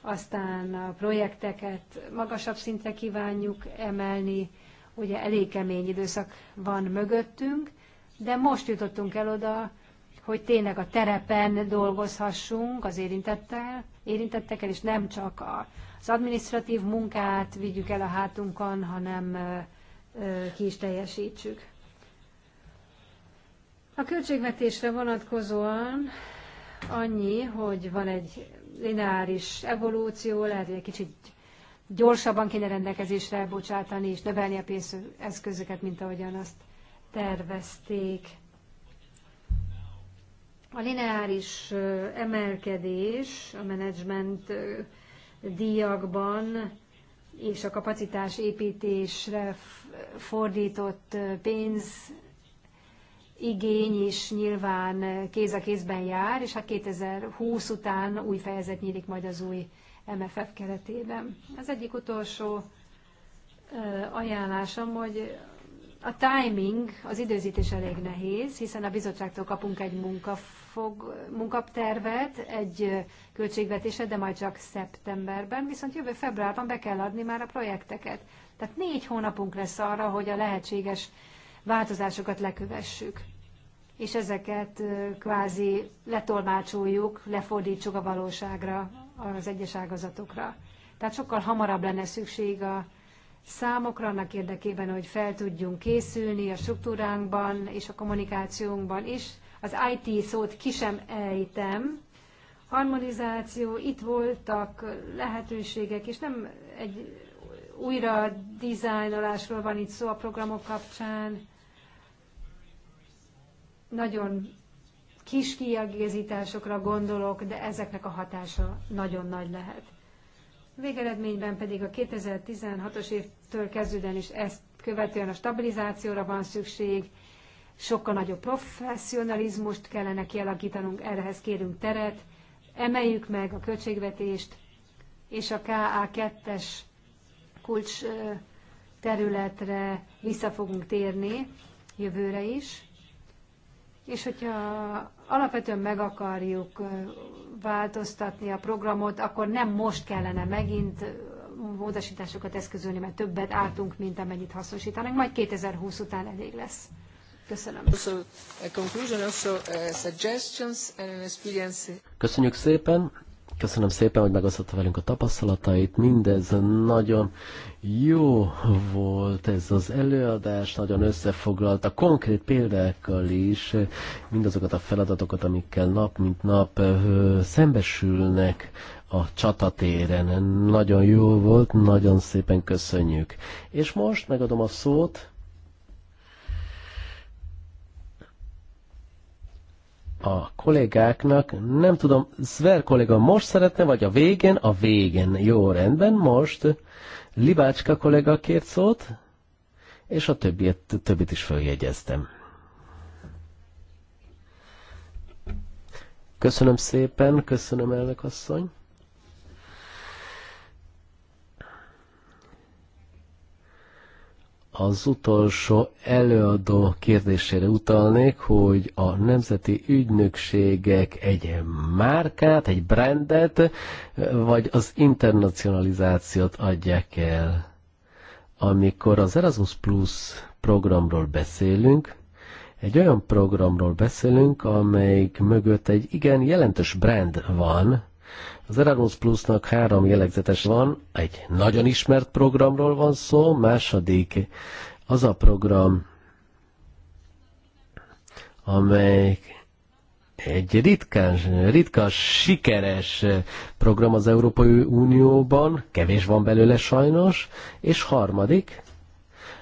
aztán a projekteket magasabb szintre kívánjuk emelni, ugye elég kemény időszak van mögöttünk, de most jutottunk el oda, hogy tényleg a terepen dolgozhassunk az érintettel, érintettekkel, és nem csak az administratív munkát vigyük el a hátunkon, hanem ki is teljesítsük. A költségvetésre vonatkozóan annyi, hogy van egy lineáris evolúció, lehet, hogy egy kicsit gyorsabban kéne rendelkezésre bocsátani és növelni a pénzeszközöket, mint ahogyan azt tervezték. A lineáris emelkedés a menedzsment díjakban és a kapacitás építésre fordított pénz igény is nyilván kéz a kézben jár, és hát 2020 után új fejezet nyílik majd az új MFF keretében. Az egyik utolsó ajánlásom, hogy a timing, az időzítés elég nehéz, hiszen a bizottságtól kapunk egy munkafog, munkaptervet, egy költségvetéset, de majd csak szeptemberben, viszont jövő februárban be kell adni már a projekteket. Tehát négy hónapunk lesz arra, hogy a lehetséges változásokat lekövessük, és ezeket kvázi letolmácsoljuk, lefordítsuk a valóságra, az egyes ágazatokra. Tehát sokkal hamarabb lenne szükség a számokra, annak érdekében, hogy fel tudjunk készülni a struktúránkban és a kommunikációnkban is. Az IT szót ki sem ejtem. Harmonizáció, itt voltak lehetőségek, és nem egy újra dizájnolásról van itt szó a programok kapcsán. Nagyon kis kiegészításokra gondolok, de ezeknek a hatása nagyon nagy lehet. Végeredményben pedig a 2016-os évtől kezdődően is ezt követően a stabilizációra van szükség, sokkal nagyobb professzionalizmust kellene kialakítanunk, ehhez kérünk teret, emeljük meg a költségvetést, és a KA2-es kulcs területre vissza fogunk térni jövőre is. És hogyha alapvetően meg akarjuk változtatni a programot, akkor nem most kellene megint módosításokat eszközölni, mert többet álltunk, mint amennyit hasznosítanak, majd 2020 után elég lesz. Köszönöm. Uh, uh, Köszönjük szépen. Köszönöm szépen, hogy megosztotta velünk a tapasztalatait. Mindez nagyon jó volt ez az előadás, nagyon összefoglalta konkrét példákkal is mindazokat a feladatokat, amikkel nap mint nap szembesülnek a csatatéren. Nagyon jó volt, nagyon szépen köszönjük. És most megadom a szót a kollégáknak, nem tudom, Zver kolléga most szeretne, vagy a végén? A végén, jó rendben, most Libácska kolléga kért szót, és a többiet, többit is följegyeztem. Köszönöm szépen, köszönöm elnök asszony. az utolsó előadó kérdésére utalnék, hogy a nemzeti ügynökségek egy márkát, egy brandet, vagy az internacionalizációt adják el. Amikor az Erasmus Plus programról beszélünk, egy olyan programról beszélünk, amelyik mögött egy igen jelentős brand van, az Erasmus Plusnak három jellegzetes van, egy nagyon ismert programról van szó, második az a program, amely egy ritkán, ritka, sikeres program az Európai Unióban, kevés van belőle sajnos, és harmadik,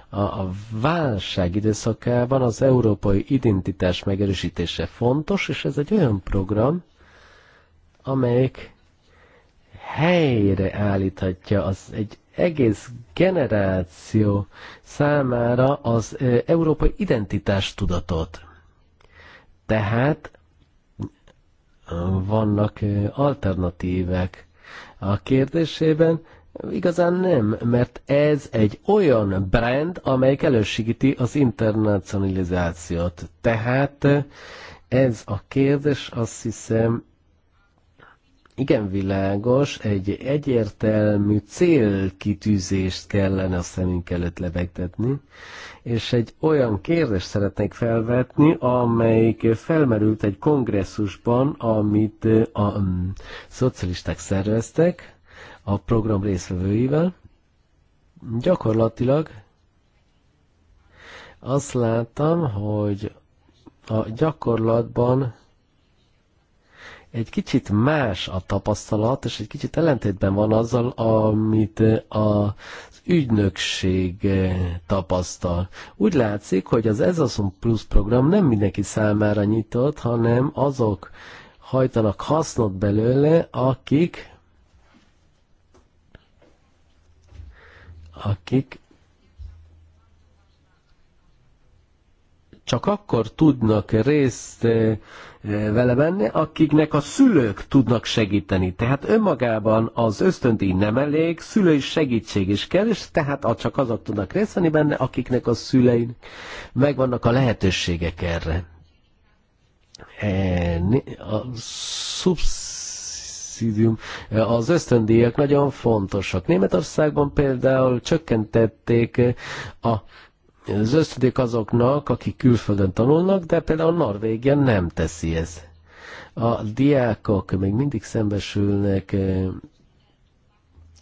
a, a válság időszakában az európai identitás megerősítése fontos, és ez egy olyan program, amelyik helyre állíthatja az egy egész generáció számára az európai identitás tudatot. Tehát vannak alternatívek a kérdésében, Igazán nem, mert ez egy olyan brand, amelyik elősegíti az internacionalizációt. Tehát ez a kérdés azt hiszem igen világos, egy egyértelmű célkitűzést kellene a szemünk előtt lebegtetni, és egy olyan kérdést szeretnék felvetni, amelyik felmerült egy kongresszusban, amit a szocialisták szerveztek a program részvevőivel. Gyakorlatilag azt láttam, hogy a gyakorlatban egy kicsit más a tapasztalat, és egy kicsit ellentétben van azzal, amit eh, az ügynökség eh, tapasztal. Úgy látszik, hogy az Ezason Plus program nem mindenki számára nyitott, hanem azok hajtanak hasznot belőle, akik akik csak akkor tudnak részt eh, eh, vele venni, akiknek a szülők tudnak segíteni. Tehát önmagában az ösztöndíj nem elég, szülői segítség is kell, és tehát csak azok tudnak részt venni benne, akiknek a szülein megvannak a lehetőségek erre. Eh, a szubszidium, az ösztöndíjak nagyon fontosak. Németországban például csökkentették a az ösztödék azoknak, akik külföldön tanulnak, de például Norvégia nem teszi ez. A diákok még mindig szembesülnek eh,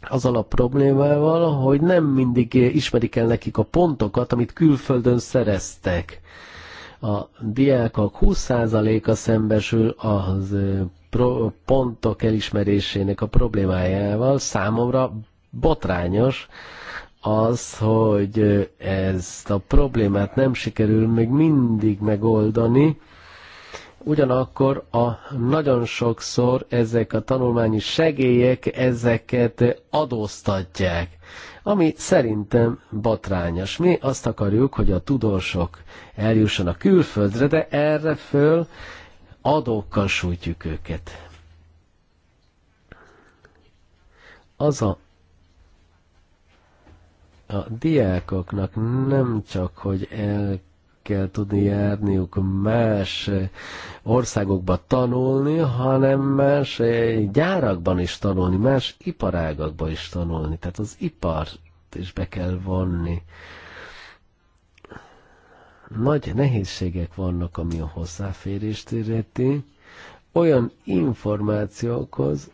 az a problémával, hogy nem mindig eh, ismerik el nekik a pontokat, amit külföldön szereztek. A diákok 20%-a szembesül az eh, pontok elismerésének a problémájával, számomra botrányos, az, hogy ezt a problémát nem sikerül még mindig megoldani, ugyanakkor a nagyon sokszor ezek a tanulmányi segélyek ezeket adóztatják, ami szerintem batrányos. Mi azt akarjuk, hogy a tudósok eljussanak külföldre, de erre föl adókkal sújtjuk őket. Az a a diákoknak nem csak, hogy el kell tudni járniuk más országokba tanulni, hanem más gyárakban is tanulni, más iparágakban is tanulni. Tehát az ipart is be kell vonni. Nagy nehézségek vannak, ami a hozzáférést illeti, olyan információkhoz,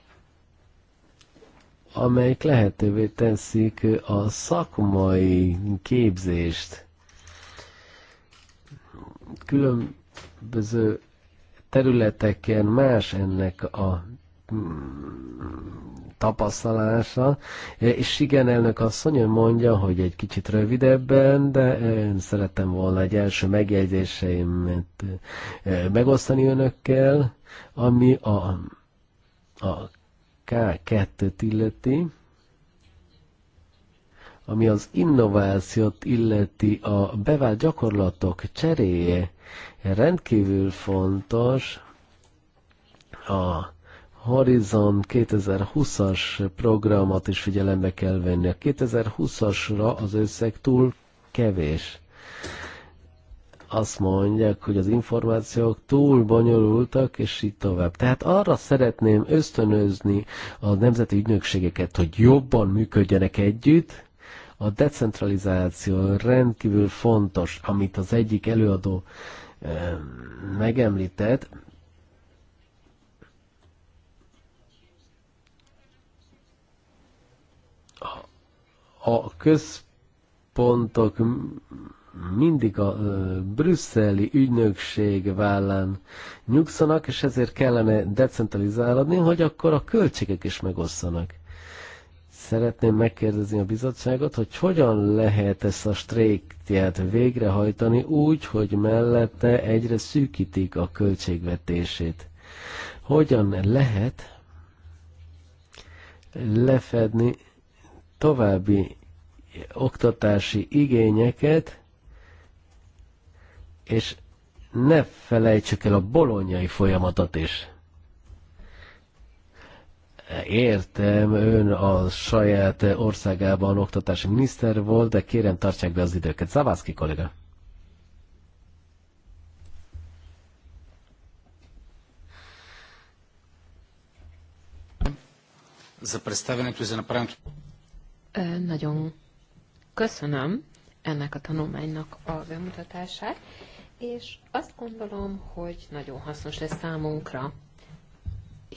amelyik lehetővé teszik a szakmai képzést. Különböző területeken más ennek a mm, tapasztalása, és igen, elnök asszony mondja, hogy egy kicsit rövidebben, de én szerettem volna egy első megjegyzéseimet eh, megosztani önökkel, ami a, a K2-t illeti, ami az innovációt illeti a bevált gyakorlatok cseréje, rendkívül fontos a Horizon 2020-as programot is figyelembe kell venni. A 2020-asra az összeg túl kevés azt mondják, hogy az információk túl bonyolultak, és így tovább. Tehát arra szeretném ösztönözni a nemzeti ügynökségeket, hogy jobban működjenek együtt. A decentralizáció rendkívül fontos, amit az egyik előadó megemlített, a központok mindig a ö, brüsszeli ügynökség vállán nyugszanak, és ezért kellene decentralizálni, hogy akkor a költségek is megosszanak. Szeretném megkérdezni a bizottságot, hogy hogyan lehet ezt a stréktját végrehajtani úgy, hogy mellette egyre szűkítik a költségvetését. Hogyan lehet lefedni további oktatási igényeket, és ne felejtsük el a bolonyai folyamatot is. Értem, ön a saját országában oktatási miniszter volt, de kérem tartsák be az időket. Zavászki kolléga. за Nagyon köszönöm ennek a tanulmánynak a bemutatását, és azt gondolom, hogy nagyon hasznos lesz számunkra,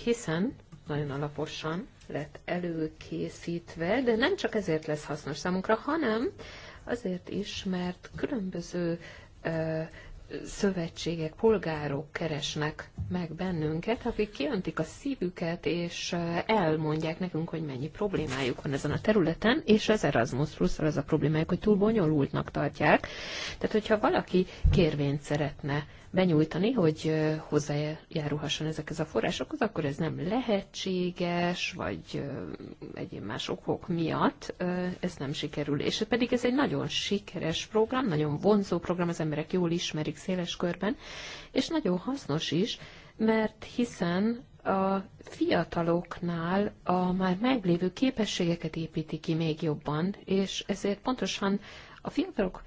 hiszen nagyon alaposan lett előkészítve, de nem csak ezért lesz hasznos számunkra, hanem azért is, mert különböző szövetségek, polgárok keresnek meg bennünket, akik kiöntik a szívüket, és elmondják nekünk, hogy mennyi problémájuk van ezen a területen, és az Erasmus plus az a problémájuk, hogy túl bonyolultnak tartják. Tehát, hogyha valaki kérvényt szeretne benyújtani, hogy hozzájárulhasson ezekhez a forrásokhoz, akkor ez nem lehetséges, vagy egyéb más okok miatt ez nem sikerül. És pedig ez egy nagyon sikeres program, nagyon vonzó program, az emberek jól ismerik széles körben, és nagyon hasznos is, mert hiszen a fiataloknál a már meglévő képességeket építi ki még jobban, és ezért pontosan a fiatalok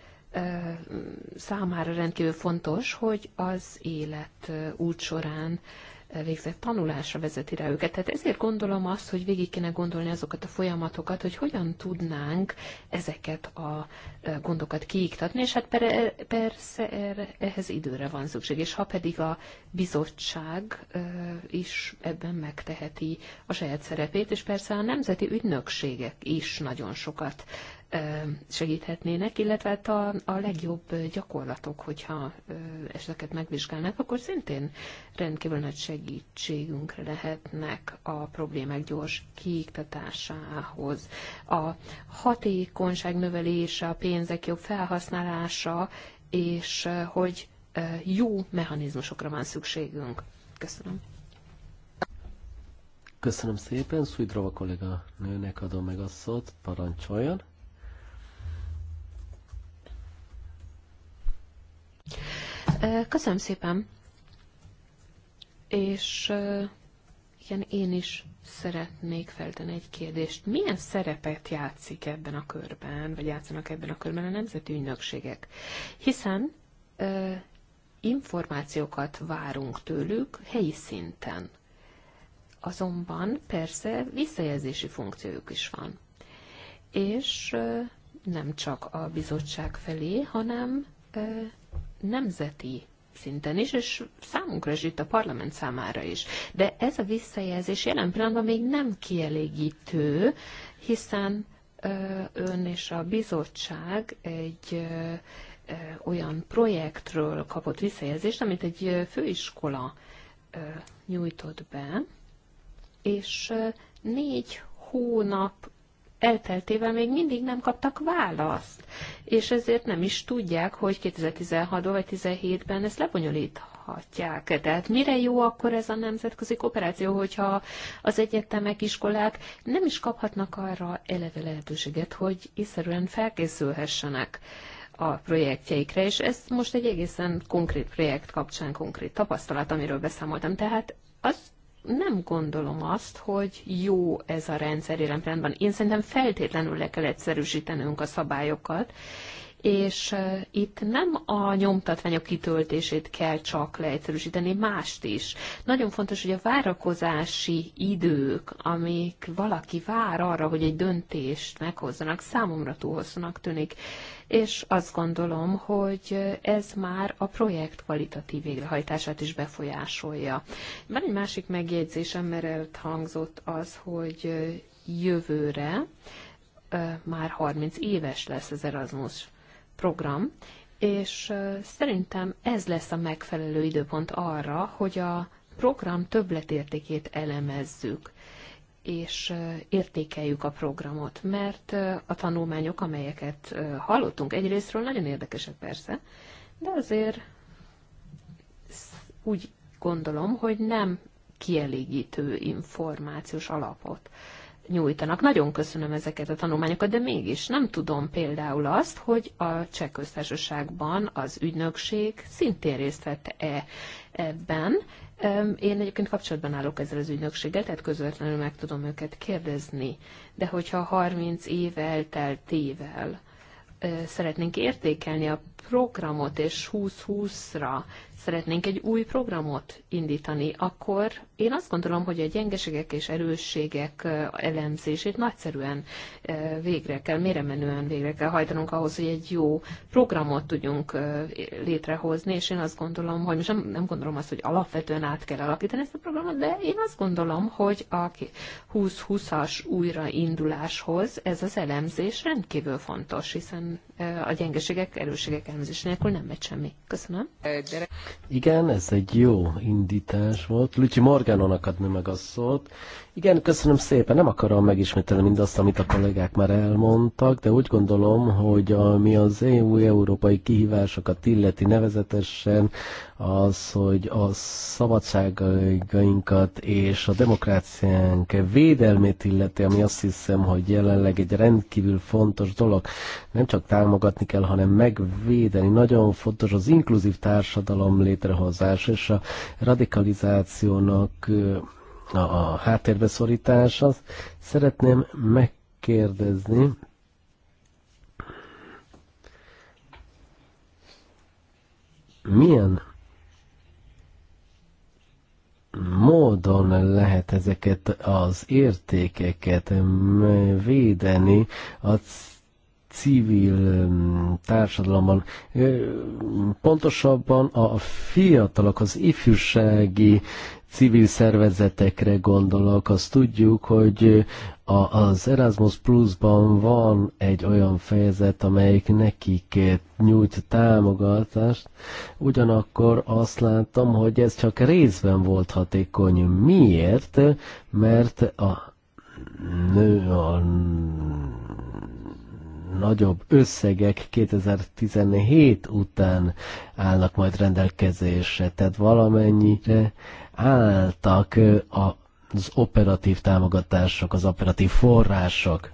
számára rendkívül fontos, hogy az élet út során végzett tanulásra vezeti rá őket. Tehát ezért gondolom azt, hogy végig kéne gondolni azokat a folyamatokat, hogy hogyan tudnánk ezeket a gondokat kiiktatni, és hát persze erre, ehhez időre van szükség, és ha pedig a bizottság is ebben megteheti a saját szerepét, és persze a nemzeti ügynökségek is nagyon sokat segíthetnének, illetve hát a, a legjobb gyakorlatok, hogyha ezeket megvizsgálnák, akkor szintén rendkívül nagy segítségünkre lehetnek a problémák gyors kiiktatásához. A hatékonyság növelése, a pénzek jobb felhasználása, és hogy jó mechanizmusokra van szükségünk. Köszönöm. Köszönöm szépen, Szújdrova kolléga nőnek adom meg a szót, parancsoljon. Köszönöm szépen. És igen, én is szeretnék feltenni egy kérdést. Milyen szerepet játszik ebben a körben, vagy játszanak ebben a körben a nemzeti ügynökségek? Hiszen ö, információkat várunk tőlük helyi szinten. Azonban persze visszajelzési funkciójuk is van. És ö, nem csak a bizottság felé, hanem ö, nemzeti szinten is, és számunkra is itt a parlament számára is. De ez a visszajelzés jelen pillanatban még nem kielégítő, hiszen ön és a bizottság egy olyan projektről kapott visszajelzést, amit egy főiskola nyújtott be, és négy hónap elteltével még mindig nem kaptak választ, és ezért nem is tudják, hogy 2016-ban vagy 2017-ben ezt lebonyolíthatják. Tehát mire jó akkor ez a nemzetközi kooperáció, hogyha az egyetemek, iskolák nem is kaphatnak arra eleve lehetőséget, hogy észszerűen felkészülhessenek a projektjeikre, és ez most egy egészen konkrét projekt kapcsán konkrét tapasztalat, amiről beszámoltam. Tehát azt nem gondolom azt, hogy jó ez a rendszer jelen pillanatban. Én szerintem feltétlenül le kell egyszerűsítenünk a szabályokat, és itt nem a nyomtatványok kitöltését kell csak leegyszerűsíteni, mást is. Nagyon fontos, hogy a várakozási idők, amik valaki vár arra, hogy egy döntést meghozzanak, számomra túl hosszúnak tűnik és azt gondolom, hogy ez már a projekt kvalitatív végrehajtását is befolyásolja. Van egy másik megjegyzésem, mert elhangzott az, hogy jövőre már 30 éves lesz az Erasmus program, és szerintem ez lesz a megfelelő időpont arra, hogy a program többletértékét elemezzük és értékeljük a programot, mert a tanulmányok, amelyeket hallottunk egyrésztről, nagyon érdekesek persze, de azért úgy gondolom, hogy nem kielégítő információs alapot nyújtanak. Nagyon köszönöm ezeket a tanulmányokat, de mégis nem tudom például azt, hogy a cseh köztársaságban az ügynökség szintén részt vette-e ebben, én egyébként kapcsolatban állok ezzel az ügynökséggel, tehát közvetlenül meg tudom őket kérdezni. De hogyha 30 év eltelt évvel szeretnénk értékelni a programot, és 2020-ra szeretnénk egy új programot indítani, akkor én azt gondolom, hogy a gyengeségek és erősségek elemzését nagyszerűen végre kell, méremenően végre kell hajtanunk ahhoz, hogy egy jó programot tudjunk létrehozni, és én azt gondolom, hogy most nem, nem gondolom azt, hogy alapvetően át kell alakítani ezt a programot, de én azt gondolom, hogy a 20-20-as újrainduláshoz ez az elemzés rendkívül fontos, hiszen a gyengeségek, erősségek ellenőrzés nélkül nem megy semmi. Köszönöm. Igen, ez egy jó indítás volt. Lucsi Morganonak adni meg a szót, igen, köszönöm szépen. Nem akarom megismételni mindazt, amit a kollégák már elmondtak, de úgy gondolom, hogy ami az EU európai kihívásokat illeti nevezetesen az, hogy a szabadságainkat és a demokráciánk védelmét illeti, ami azt hiszem, hogy jelenleg egy rendkívül fontos dolog. Nem csak támogatni kell, hanem megvédeni. Nagyon fontos az inkluzív társadalom létrehozás és a radikalizációnak a háttérbe az. Szeretném megkérdezni, milyen módon lehet ezeket az értékeket védeni a civil um, társadalomban, pontosabban a fiatalok, az ifjúsági civil szervezetekre gondolok. Azt tudjuk, hogy a, az Erasmus Plus-ban van egy olyan fejezet, amelyik nekik nyújt támogatást, ugyanakkor azt láttam, hogy ez csak részben volt hatékony. Miért? Mert a nő a nagyobb összegek 2017 után állnak majd rendelkezésre, tehát valamennyire álltak az operatív támogatások, az operatív források.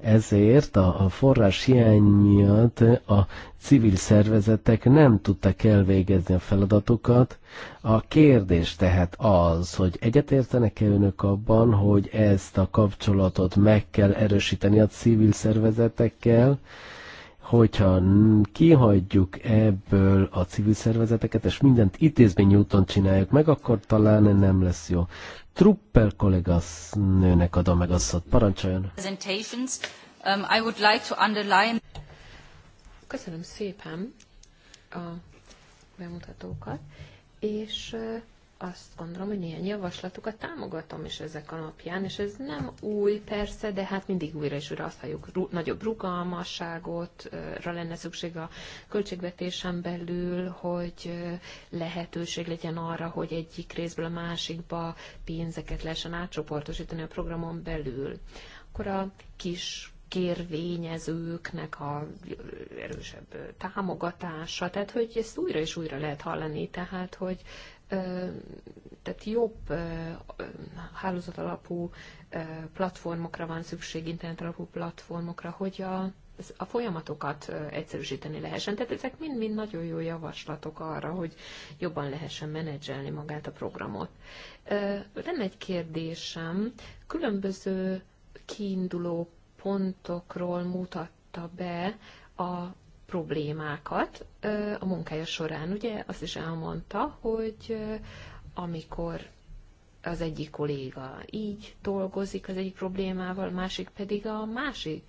Ezért a forrás hiány miatt a civil szervezetek nem tudtak elvégezni a feladatukat. A kérdés tehát az, hogy egyetértenek-e önök abban, hogy ezt a kapcsolatot meg kell erősíteni a civil szervezetekkel, hogyha kihagyjuk ebből a civil szervezeteket, és mindent intézmény úton csináljuk meg, akkor talán nem lesz jó. Truppel kollégasz nőnek adom meg a szót. Parancsoljon! Um, Köszönöm szépen a bemutatókat, és uh, azt gondolom, hogy néhány javaslatukat támogatom is ezek alapján, és ez nem új persze, de hát mindig újra és újra azt halljuk, rú, nagyobb rugalmasságotra lenne szükség a költségvetésen belül, hogy lehetőség legyen arra, hogy egyik részből a másikba pénzeket lehessen átcsoportosítani a programon belül. Akkor a kis kérvényezőknek a erősebb támogatása, tehát hogy ezt újra és újra lehet hallani, tehát hogy tehát jobb hálózat alapú platformokra van szükség, internet alapú platformokra, hogy a, a folyamatokat egyszerűsíteni lehessen. Tehát ezek mind-mind nagyon jó javaslatok arra, hogy jobban lehessen menedzselni magát a programot. Lenne egy kérdésem. Különböző kiinduló pontokról mutatta be a problémákat a munkája során. Ugye azt is elmondta, hogy amikor az egyik kolléga így dolgozik az egyik problémával, másik pedig a másik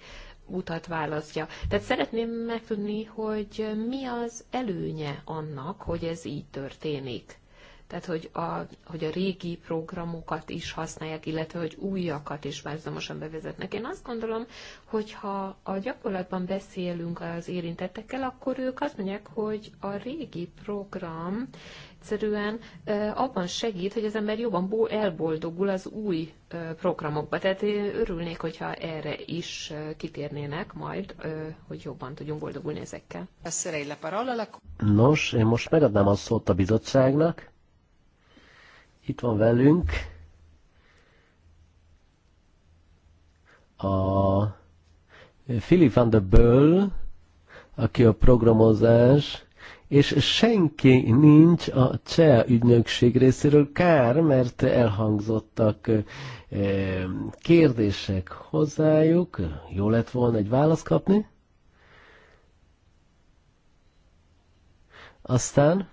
utat választja. Tehát szeretném megtudni, hogy mi az előnye annak, hogy ez így történik tehát hogy a, hogy a régi programokat is használják, illetve hogy újakat is párhuzamosan bevezetnek. Én azt gondolom, hogy ha a gyakorlatban beszélünk az érintettekkel, akkor ők azt mondják, hogy a régi program egyszerűen abban segít, hogy az ember jobban elboldogul az új programokba. Tehát örülnék, hogyha erre is kitérnének majd, hogy jobban tudjunk boldogulni ezekkel. Nos, én most megadnám a szót a bizottságnak itt van velünk a Philip van der Böll, aki a programozás, és senki nincs a cseh ügynökség részéről. Kár, mert elhangzottak kérdések hozzájuk. Jó lett volna egy választ kapni. Aztán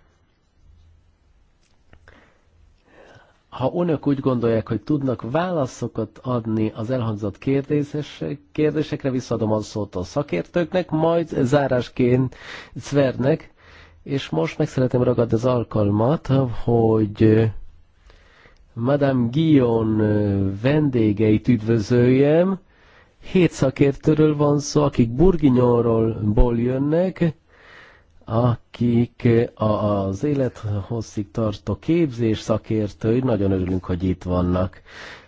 ha önök úgy gondolják, hogy tudnak válaszokat adni az elhangzott kérdések, kérdésekre, visszadom a szót a szakértőknek, majd zárásként Szvernek, és most meg szeretném ragadni az alkalmat, hogy Madame Guillon vendégeit üdvözöljem. Hét szakértőről van szó, akik Burgignonról jönnek, akik az élethosszig tartó képzés szakértői, nagyon örülünk, hogy itt vannak.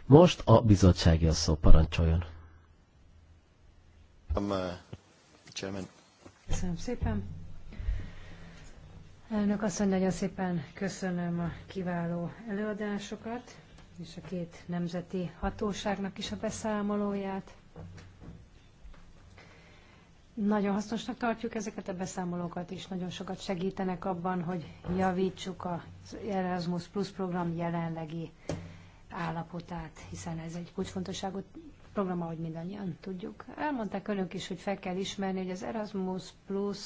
Most a bizottsági a szó, parancsoljon. Um, uh, köszönöm szépen. Elnök asszony, nagyon szépen köszönöm a kiváló előadásokat, és a két nemzeti hatóságnak is a beszámolóját. Nagyon hasznosnak tartjuk ezeket a beszámolókat is, nagyon sokat segítenek abban, hogy javítsuk az Erasmus Plus program jelenlegi állapotát, hiszen ez egy kulcsfontosságú program, ahogy mindannyian tudjuk. Elmondták önök is, hogy fel kell ismerni, hogy az Erasmus Plus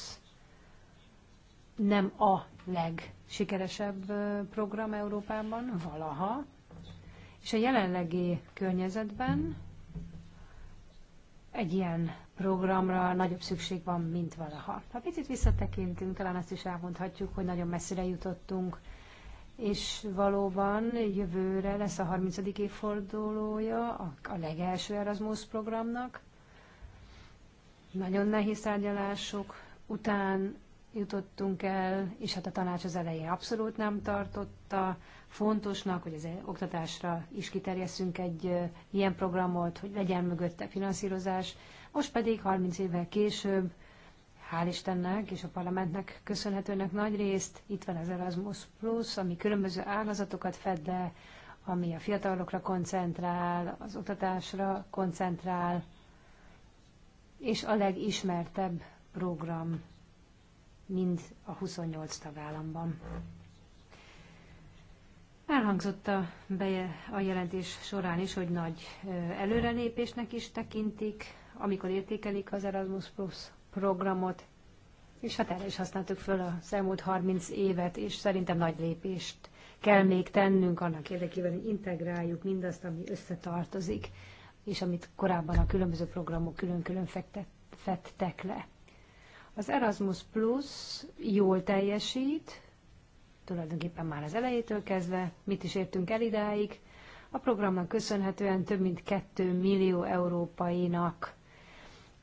nem a legsikeresebb program Európában valaha, és a jelenlegi környezetben egy ilyen programra nagyobb szükség van, mint valaha. Ha picit visszatekintünk, talán azt is elmondhatjuk, hogy nagyon messzire jutottunk, és valóban jövőre lesz a 30. évfordulója a legelső Erasmus programnak. Nagyon nehéz tárgyalások után jutottunk el, és hát a tanács az elején abszolút nem tartotta fontosnak, hogy az e- oktatásra is kiterjesszünk egy ilyen programot, hogy legyen mögötte finanszírozás. Most pedig 30 évvel később, hál' Istennek és a parlamentnek köszönhetőnek nagy részt, itt van az Erasmus Plus, ami különböző ágazatokat fed le, ami a fiatalokra koncentrál, az oktatásra koncentrál, és a legismertebb program mind a 28 tagállamban. Elhangzott a, a jelentés során is, hogy nagy előrelépésnek is tekintik, amikor értékelik az Erasmus Plus programot, és hát erre is használtuk föl az elmúlt 30 évet, és szerintem nagy lépést kell még tennünk annak érdekében, hogy integráljuk mindazt, ami összetartozik, és amit korábban a különböző programok külön-külön fettek le. Az Erasmus Plus jól teljesít, tulajdonképpen már az elejétől kezdve, mit is értünk el idáig. A programnak köszönhetően több mint 2 millió európainak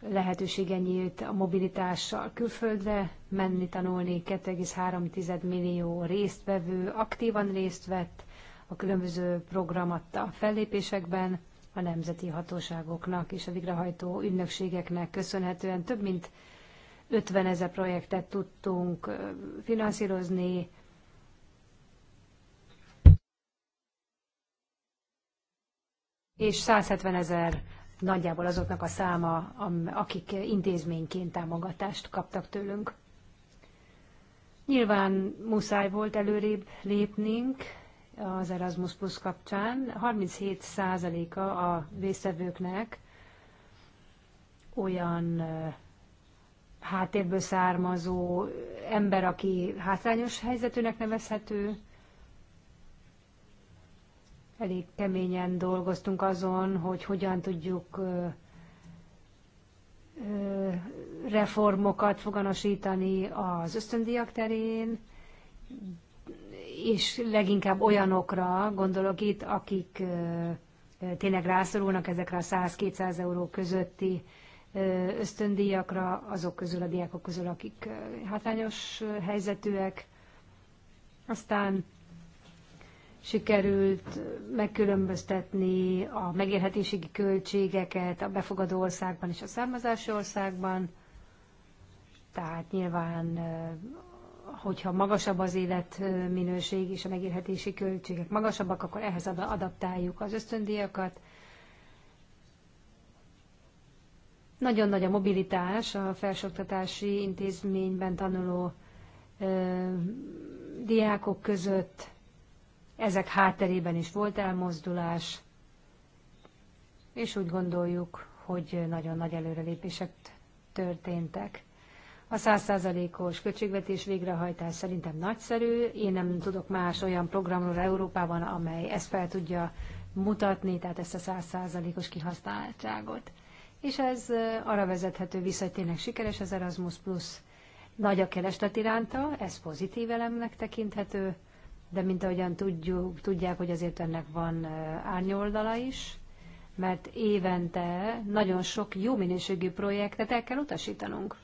lehetősége nyílt a mobilitással külföldre menni tanulni. 2,3 millió résztvevő aktívan részt vett a különböző programatta fellépésekben. A nemzeti hatóságoknak és a végrehajtó ügynökségeknek köszönhetően több mint 50 ezer projektet tudtunk finanszírozni, és 170 ezer nagyjából azoknak a száma, akik intézményként támogatást kaptak tőlünk. Nyilván muszáj volt előrébb lépnünk az Erasmus Plus kapcsán. 37%-a a vészevőknek olyan háttérből származó ember, aki hátrányos helyzetűnek nevezhető. Elég keményen dolgoztunk azon, hogy hogyan tudjuk reformokat foganosítani az ösztöndiak terén, és leginkább olyanokra gondolok itt, akik tényleg rászorulnak ezekre a 100-200 euró közötti ösztöndíjakra azok közül, a diákok közül, akik hátrányos helyzetűek. Aztán sikerült megkülönböztetni a megérhetési költségeket a befogadó országban és a származási országban. Tehát nyilván, hogyha magasabb az életminőség és a megélhetési költségek magasabbak, akkor ehhez adaptáljuk az ösztöndíjakat. Nagyon nagy a mobilitás a felsőoktatási intézményben tanuló ö, diákok között. Ezek hátterében is volt elmozdulás, és úgy gondoljuk, hogy nagyon nagy előrelépések történtek. A százszázalékos költségvetés végrehajtás szerintem nagyszerű. Én nem tudok más olyan programról Európában, amely ezt fel tudja mutatni, tehát ezt a százszázalékos kihasználtságot és ez arra vezethető vissza, hogy tényleg sikeres az Erasmus Plus. Nagy a kereslet iránta, ez pozitív elemnek tekinthető, de mint ahogyan tudjuk, tudják, hogy azért ennek van árnyoldala is, mert évente nagyon sok jó minőségű projektet el kell utasítanunk.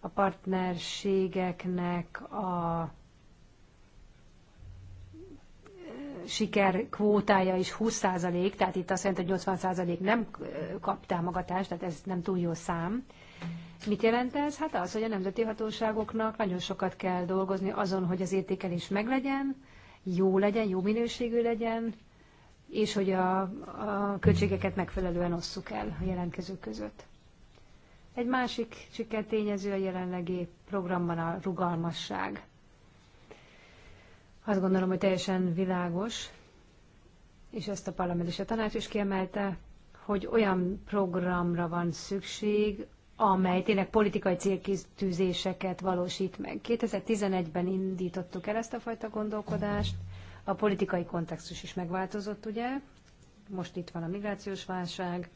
A partnerségeknek a siker kvótája is 20%, tehát itt azt jelenti, hogy 80% nem kap támogatást, tehát ez nem túl jó szám. Mit jelent ez? Hát az, hogy a nemzeti hatóságoknak nagyon sokat kell dolgozni azon, hogy az értékelés meglegyen, jó legyen, jó minőségű legyen, és hogy a, a költségeket megfelelően osszuk el a jelentkezők között. Egy másik sikertényező a jelenlegi programban a rugalmasság. Azt gondolom, hogy teljesen világos, és ezt a parlament és a tanács is kiemelte, hogy olyan programra van szükség, amely tényleg politikai célkitűzéseket valósít meg. 2011-ben indítottuk el ezt a fajta gondolkodást, a politikai kontextus is megváltozott, ugye? Most itt van a migrációs válság,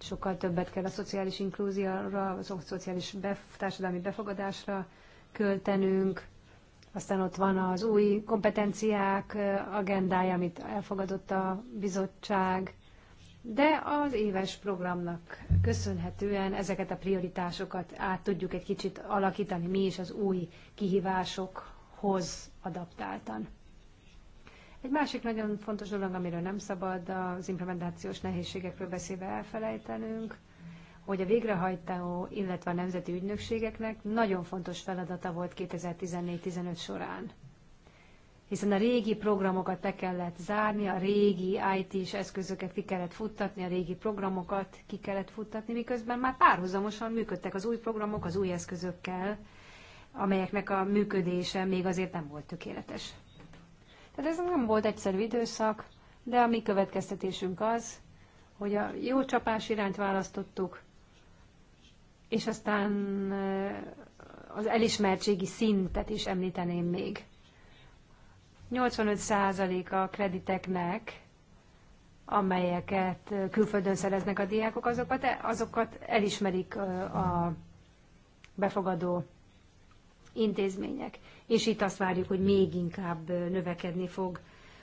sokkal többet kell a szociális inklúzióra, a szociális bef- társadalmi befogadásra költenünk, aztán ott van az új kompetenciák agendája, amit elfogadott a bizottság, de az éves programnak köszönhetően ezeket a prioritásokat át tudjuk egy kicsit alakítani mi is az új kihívásokhoz adaptáltan. Egy másik nagyon fontos dolog, amiről nem szabad az implementációs nehézségekről beszélve elfelejtenünk, hogy a végrehajtó, illetve a nemzeti ügynökségeknek nagyon fontos feladata volt 2014-15 során. Hiszen a régi programokat le kellett zárni, a régi IT-s eszközöket ki kellett futtatni, a régi programokat ki kellett futtatni, miközben már párhuzamosan működtek az új programok az új eszközökkel, amelyeknek a működése még azért nem volt tökéletes. Tehát ez nem volt egyszerű időszak, de a mi következtetésünk az, hogy a jó csapás irányt választottuk, és aztán eh, az elismertségi szintet is említeném még. 85% a krediteknek, amelyeket eh, külföldön szereznek a diákok, azokat, e, azokat elismerik eh, a befogadó intézmények. És itt azt várjuk, hogy még inkább növekedni fog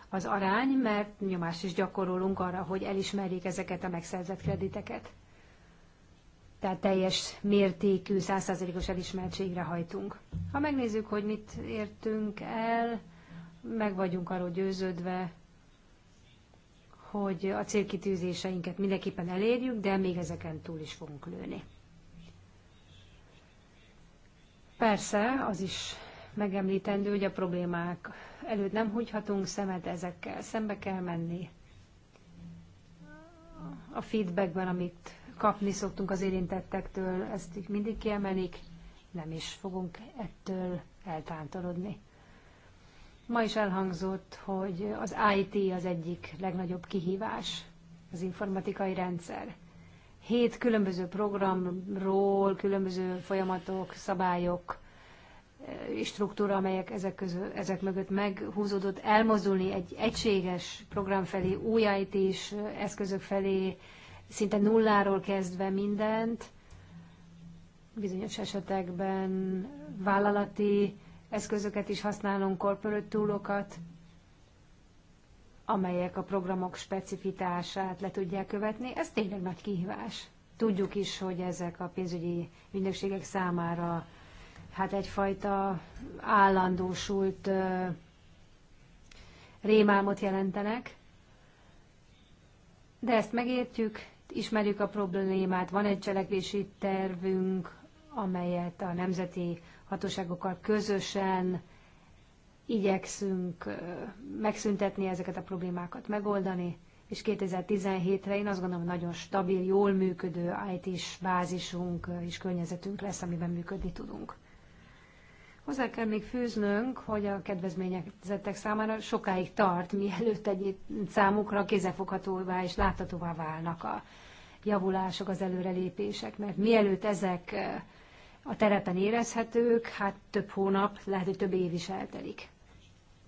az arány, mert nyomást is gyakorolunk arra, hogy elismerjék ezeket a megszerzett krediteket tehát teljes mértékű, százszázalékos elismertségre hajtunk. Ha megnézzük, hogy mit értünk el, meg vagyunk arról győződve, hogy a célkitűzéseinket mindenképpen elérjük, de még ezeken túl is fogunk lőni. Persze, az is megemlítendő, hogy a problémák előtt nem húgyhatunk szemet ezekkel, szembe kell menni. A feedbackben, amit kapni szoktunk az érintettektől, ezt így mindig kiemelik, nem is fogunk ettől eltántorodni. Ma is elhangzott, hogy az IT az egyik legnagyobb kihívás, az informatikai rendszer. Hét különböző programról, különböző folyamatok, szabályok eh, és struktúra, amelyek ezek, közül, ezek mögött meghúzódott, elmozdulni egy egységes program felé, új IT-s eh, eszközök felé, szinte nulláról kezdve mindent, bizonyos esetekben vállalati eszközöket is használunk, corporate túlokat, amelyek a programok specifitását le tudják követni. Ez tényleg nagy kihívás. Tudjuk is, hogy ezek a pénzügyi ügynökségek számára hát egyfajta állandósult ö, rémálmot jelentenek, de ezt megértjük, ismerjük a problémát, van egy cselekvési tervünk, amelyet a nemzeti hatóságokkal közösen igyekszünk megszüntetni ezeket a problémákat, megoldani, és 2017-re én azt gondolom, nagyon stabil, jól működő IT-s bázisunk és környezetünk lesz, amiben működni tudunk. Hozzá kell még fűznünk, hogy a kedvezményezettek számára sokáig tart, mielőtt egy számukra kézefoghatóvá és láthatóvá válnak a javulások, az előrelépések, mert mielőtt ezek eh, a terepen érezhetők, hát több hónap, lehet, hogy több év is eltelik.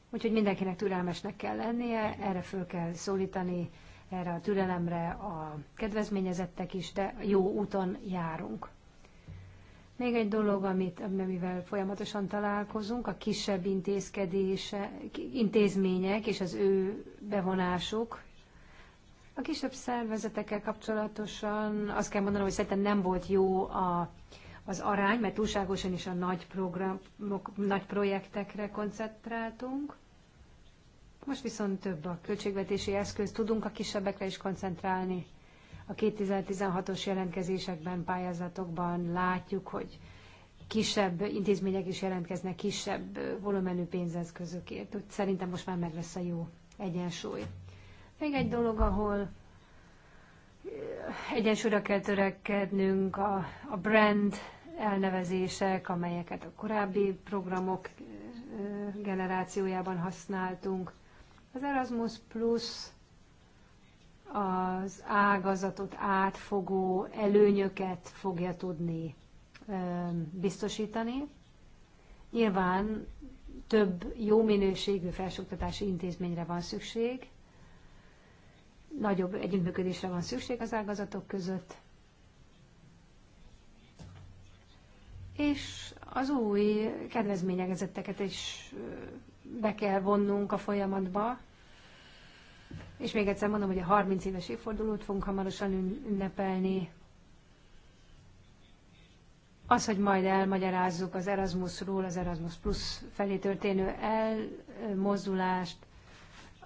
Úgyhogy mindenkinek türelmesnek kell lennie, erre föl kell szólítani, erre a türelemre a kedvezményezettek is, de jó úton járunk. Még egy dolog, amit, amivel folyamatosan találkozunk, a kisebb intézkedése, intézmények és az ő bevonásuk a kisebb szervezetekkel kapcsolatosan azt kell mondanom, hogy szerintem nem volt jó a, az arány, mert túlságosan is a nagy, programok, nagy projektekre koncentráltunk. Most viszont több a költségvetési eszköz, tudunk a kisebbekre is koncentrálni. A 2016-os jelentkezésekben, pályázatokban látjuk, hogy kisebb intézmények is jelentkeznek kisebb volumenű pénzeszközökért. Úgy szerintem most már meg lesz a jó egyensúly. Még egy dolog, ahol eh, egyensúlyra kell törekednünk a, a brand elnevezések, amelyeket a korábbi programok eh, generációjában használtunk. Az Erasmus Plus az ágazatot átfogó előnyöket fogja tudni eh, biztosítani. Nyilván több jó minőségű felsőoktatási intézményre van szükség, Nagyobb együttműködésre van szükség az ágazatok között. És az új kedvezményegezetteket is be kell vonnunk a folyamatba. És még egyszer mondom, hogy a 30 éves évfordulót fogunk hamarosan ünnepelni. Az, hogy majd elmagyarázzuk az Erasmusról, az Erasmus Plus felé történő elmozdulást,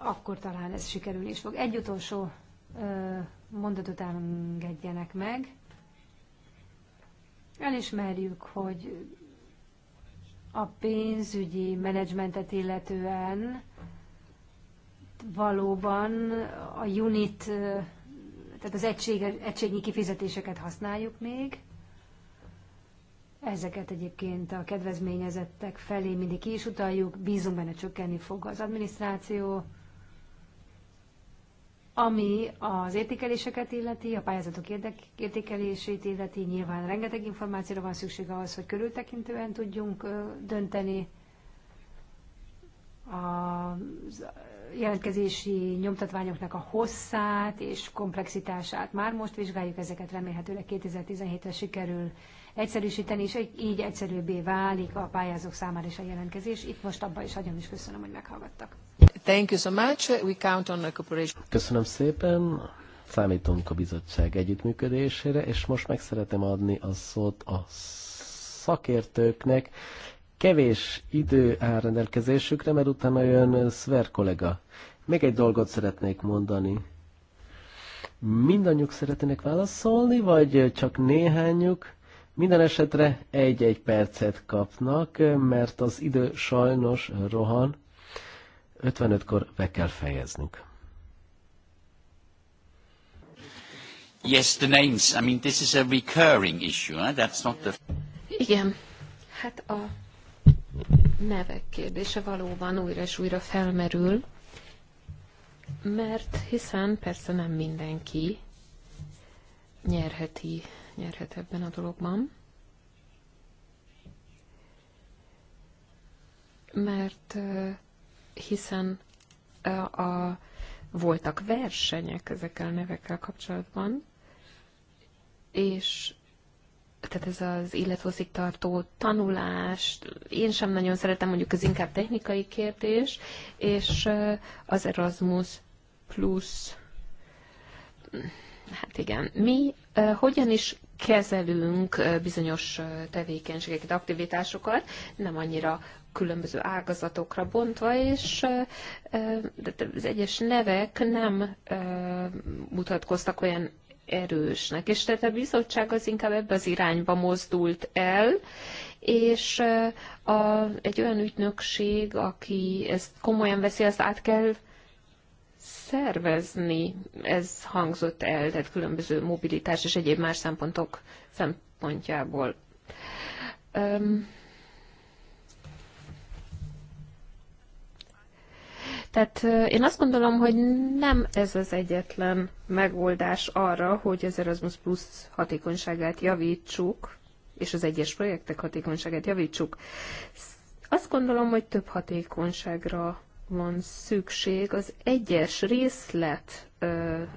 akkor talán ez sikerülni is fog. Egy utolsó mondatot engedjenek meg. Elismerjük, hogy a pénzügyi menedzsmentet illetően valóban a unit, tehát az egység, egységnyi kifizetéseket használjuk még. Ezeket egyébként a kedvezményezettek felé mindig ki is utaljuk, bízunk benne csökkenni fog az adminisztráció ami az értékeléseket illeti, a pályázatok értékelését illeti, nyilván rengeteg információra van szükség ahhoz, hogy körültekintően tudjunk dönteni. A jelentkezési nyomtatványoknak a hosszát és komplexitását már most vizsgáljuk, ezeket remélhetőleg 2017-re sikerül egyszerűsíteni, és így egyszerűbbé válik a pályázók számára is a jelentkezés. Itt most abban is nagyon is köszönöm, hogy meghallgattak. Thank you so much. We count on cooperation. Köszönöm szépen. Számítunk a bizottság együttműködésére, és most meg szeretem adni a szót a szakértőknek. Kevés idő áll rendelkezésükre, mert utána jön Szver kollega. Még egy dolgot szeretnék mondani. Mindannyiuk szeretnének válaszolni, vagy csak néhányuk? Minden esetre egy-egy percet kapnak, mert az idő sajnos rohan. 55-kor be kell fejeznünk. Yes, the names. I mean, this is a recurring issue. Eh? That's not the... Igen. Hát a nevek kérdése valóban újra és újra felmerül, mert hiszen persze nem mindenki nyerheti nyerhet ebben a dologban. Mert hiszen a, a, voltak versenyek ezekkel a nevekkel kapcsolatban, és tehát ez az illethozik tartó tanulás, én sem nagyon szeretem, mondjuk ez inkább technikai kérdés, és az Erasmus plusz Hát igen. Mi hogyan is kezelünk bizonyos tevékenységeket, aktivitásokat, nem annyira különböző ágazatokra bontva, és az egyes nevek nem mutatkoztak olyan erősnek. És tehát a bizottság az inkább ebbe az irányba mozdult el, és a, egy olyan ügynökség, aki ezt komolyan veszi, azt át kell szervezni, ez hangzott el, tehát különböző mobilitás és egyéb más szempontok szempontjából. Um, Tehát én azt gondolom, hogy nem ez az egyetlen megoldás arra, hogy az Erasmus Plus hatékonyságát javítsuk, és az egyes projektek hatékonyságát javítsuk. Azt gondolom, hogy több hatékonyságra van szükség az egyes részlet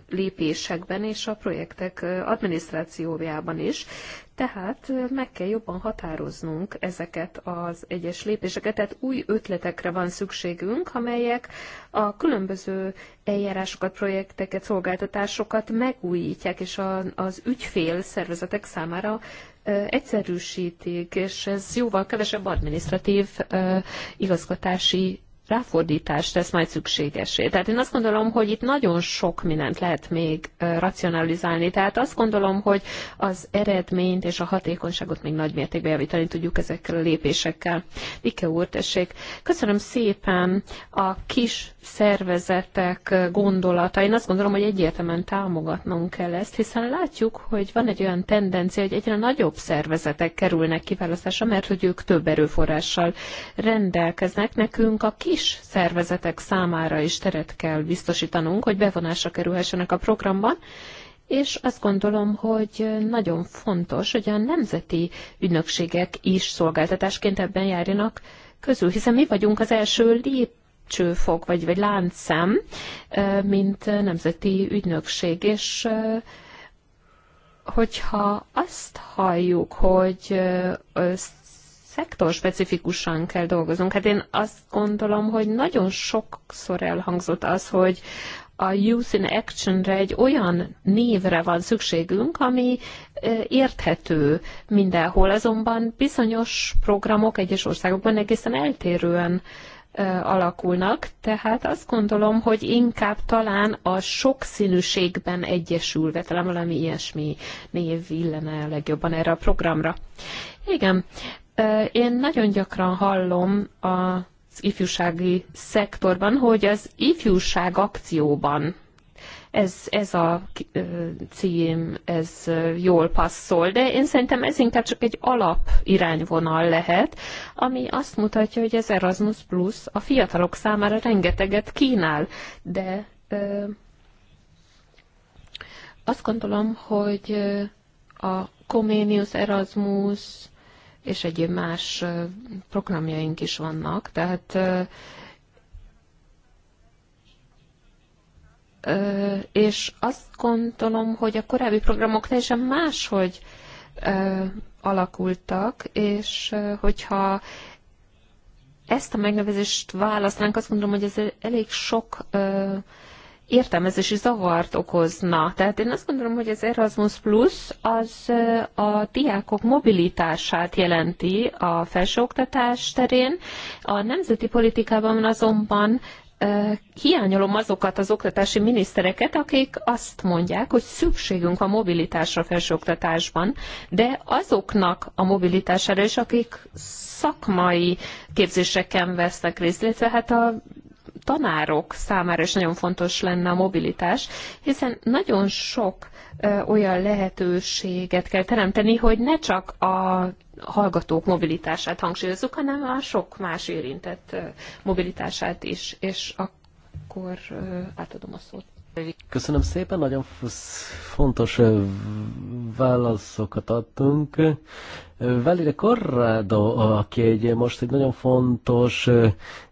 lépésekben és a projektek adminisztrációjában is. Tehát meg kell jobban határoznunk ezeket az egyes lépéseket, tehát új ötletekre van szükségünk, amelyek a különböző eljárásokat, projekteket, szolgáltatásokat megújítják, és az ügyfél szervezetek számára egyszerűsítik, és ez jóval kevesebb adminisztratív igazgatási ráfordítást tesz majd szükségesé. Tehát én azt gondolom, hogy itt nagyon sok mindent lehet még racionalizálni. Tehát azt gondolom, hogy az eredményt és a hatékonyságot még nagy mértékben javítani tudjuk ezekkel a lépésekkel. Ike úr, tessék. Köszönöm szépen a kis szervezetek gondolata. Én azt gondolom, hogy egyértelműen támogatnunk kell ezt, hiszen látjuk, hogy van egy olyan tendencia, hogy egyre nagyobb szervezetek kerülnek kiválasztásra, mert hogy ők több erőforrással rendelkeznek. Nekünk a kis szervezetek számára is teret kell biztosítanunk, hogy bevonásra kerülhessenek a programban, és azt gondolom, hogy nagyon fontos, hogy a nemzeti ügynökségek is szolgáltatásként ebben járjanak közül, hiszen mi vagyunk az első lép csőfok, vagy, vagy láncszem, mint nemzeti ügynökség, és hogyha azt halljuk, hogy szektorspecifikusan kell dolgoznunk, hát én azt gondolom, hogy nagyon sokszor elhangzott az, hogy a Youth in Action-re egy olyan névre van szükségünk, ami érthető mindenhol, azonban bizonyos programok egyes országokban egészen eltérően uh, alakulnak, tehát azt gondolom, hogy inkább talán a sokszínűségben egyesülve, talán valami ilyesmi név illene legjobban erre a programra. Igen, én nagyon gyakran hallom a az ifjúsági szektorban, hogy az ifjúság akcióban ez, ez a cím, ez jól passzol, de én szerintem ez inkább csak egy alap irányvonal lehet, ami azt mutatja, hogy ez Erasmus Plus a fiatalok számára rengeteget kínál, de ö, azt gondolom, hogy a Comenius Erasmus és egyéb más programjaink is vannak, tehát és azt gondolom, hogy a korábbi programok teljesen máshogy alakultak, és hogyha ezt a megnevezést választanánk, azt gondolom, hogy ez elég sok értelmezési zavart okozna. Tehát én azt gondolom, hogy az Erasmus Plus az a diákok mobilitását jelenti a felsőoktatás terén. A nemzeti politikában azonban hiányolom azokat az oktatási minisztereket, akik azt mondják, hogy szükségünk van mobilitásra felsőoktatásban, de azoknak a mobilitására is, akik szakmai képzéseken vesznek részt, illetve hát a tanárok számára is nagyon fontos lenne a mobilitás, hiszen nagyon sok ö, olyan lehetőséget kell teremteni, hogy ne csak a hallgatók mobilitását hangsúlyozzuk, hanem a sok más érintett mobilitását is, és akkor ö, átadom a szót. Köszönöm szépen, nagyon fontos válaszokat adtunk. Valire Corrado, aki egy most egy nagyon fontos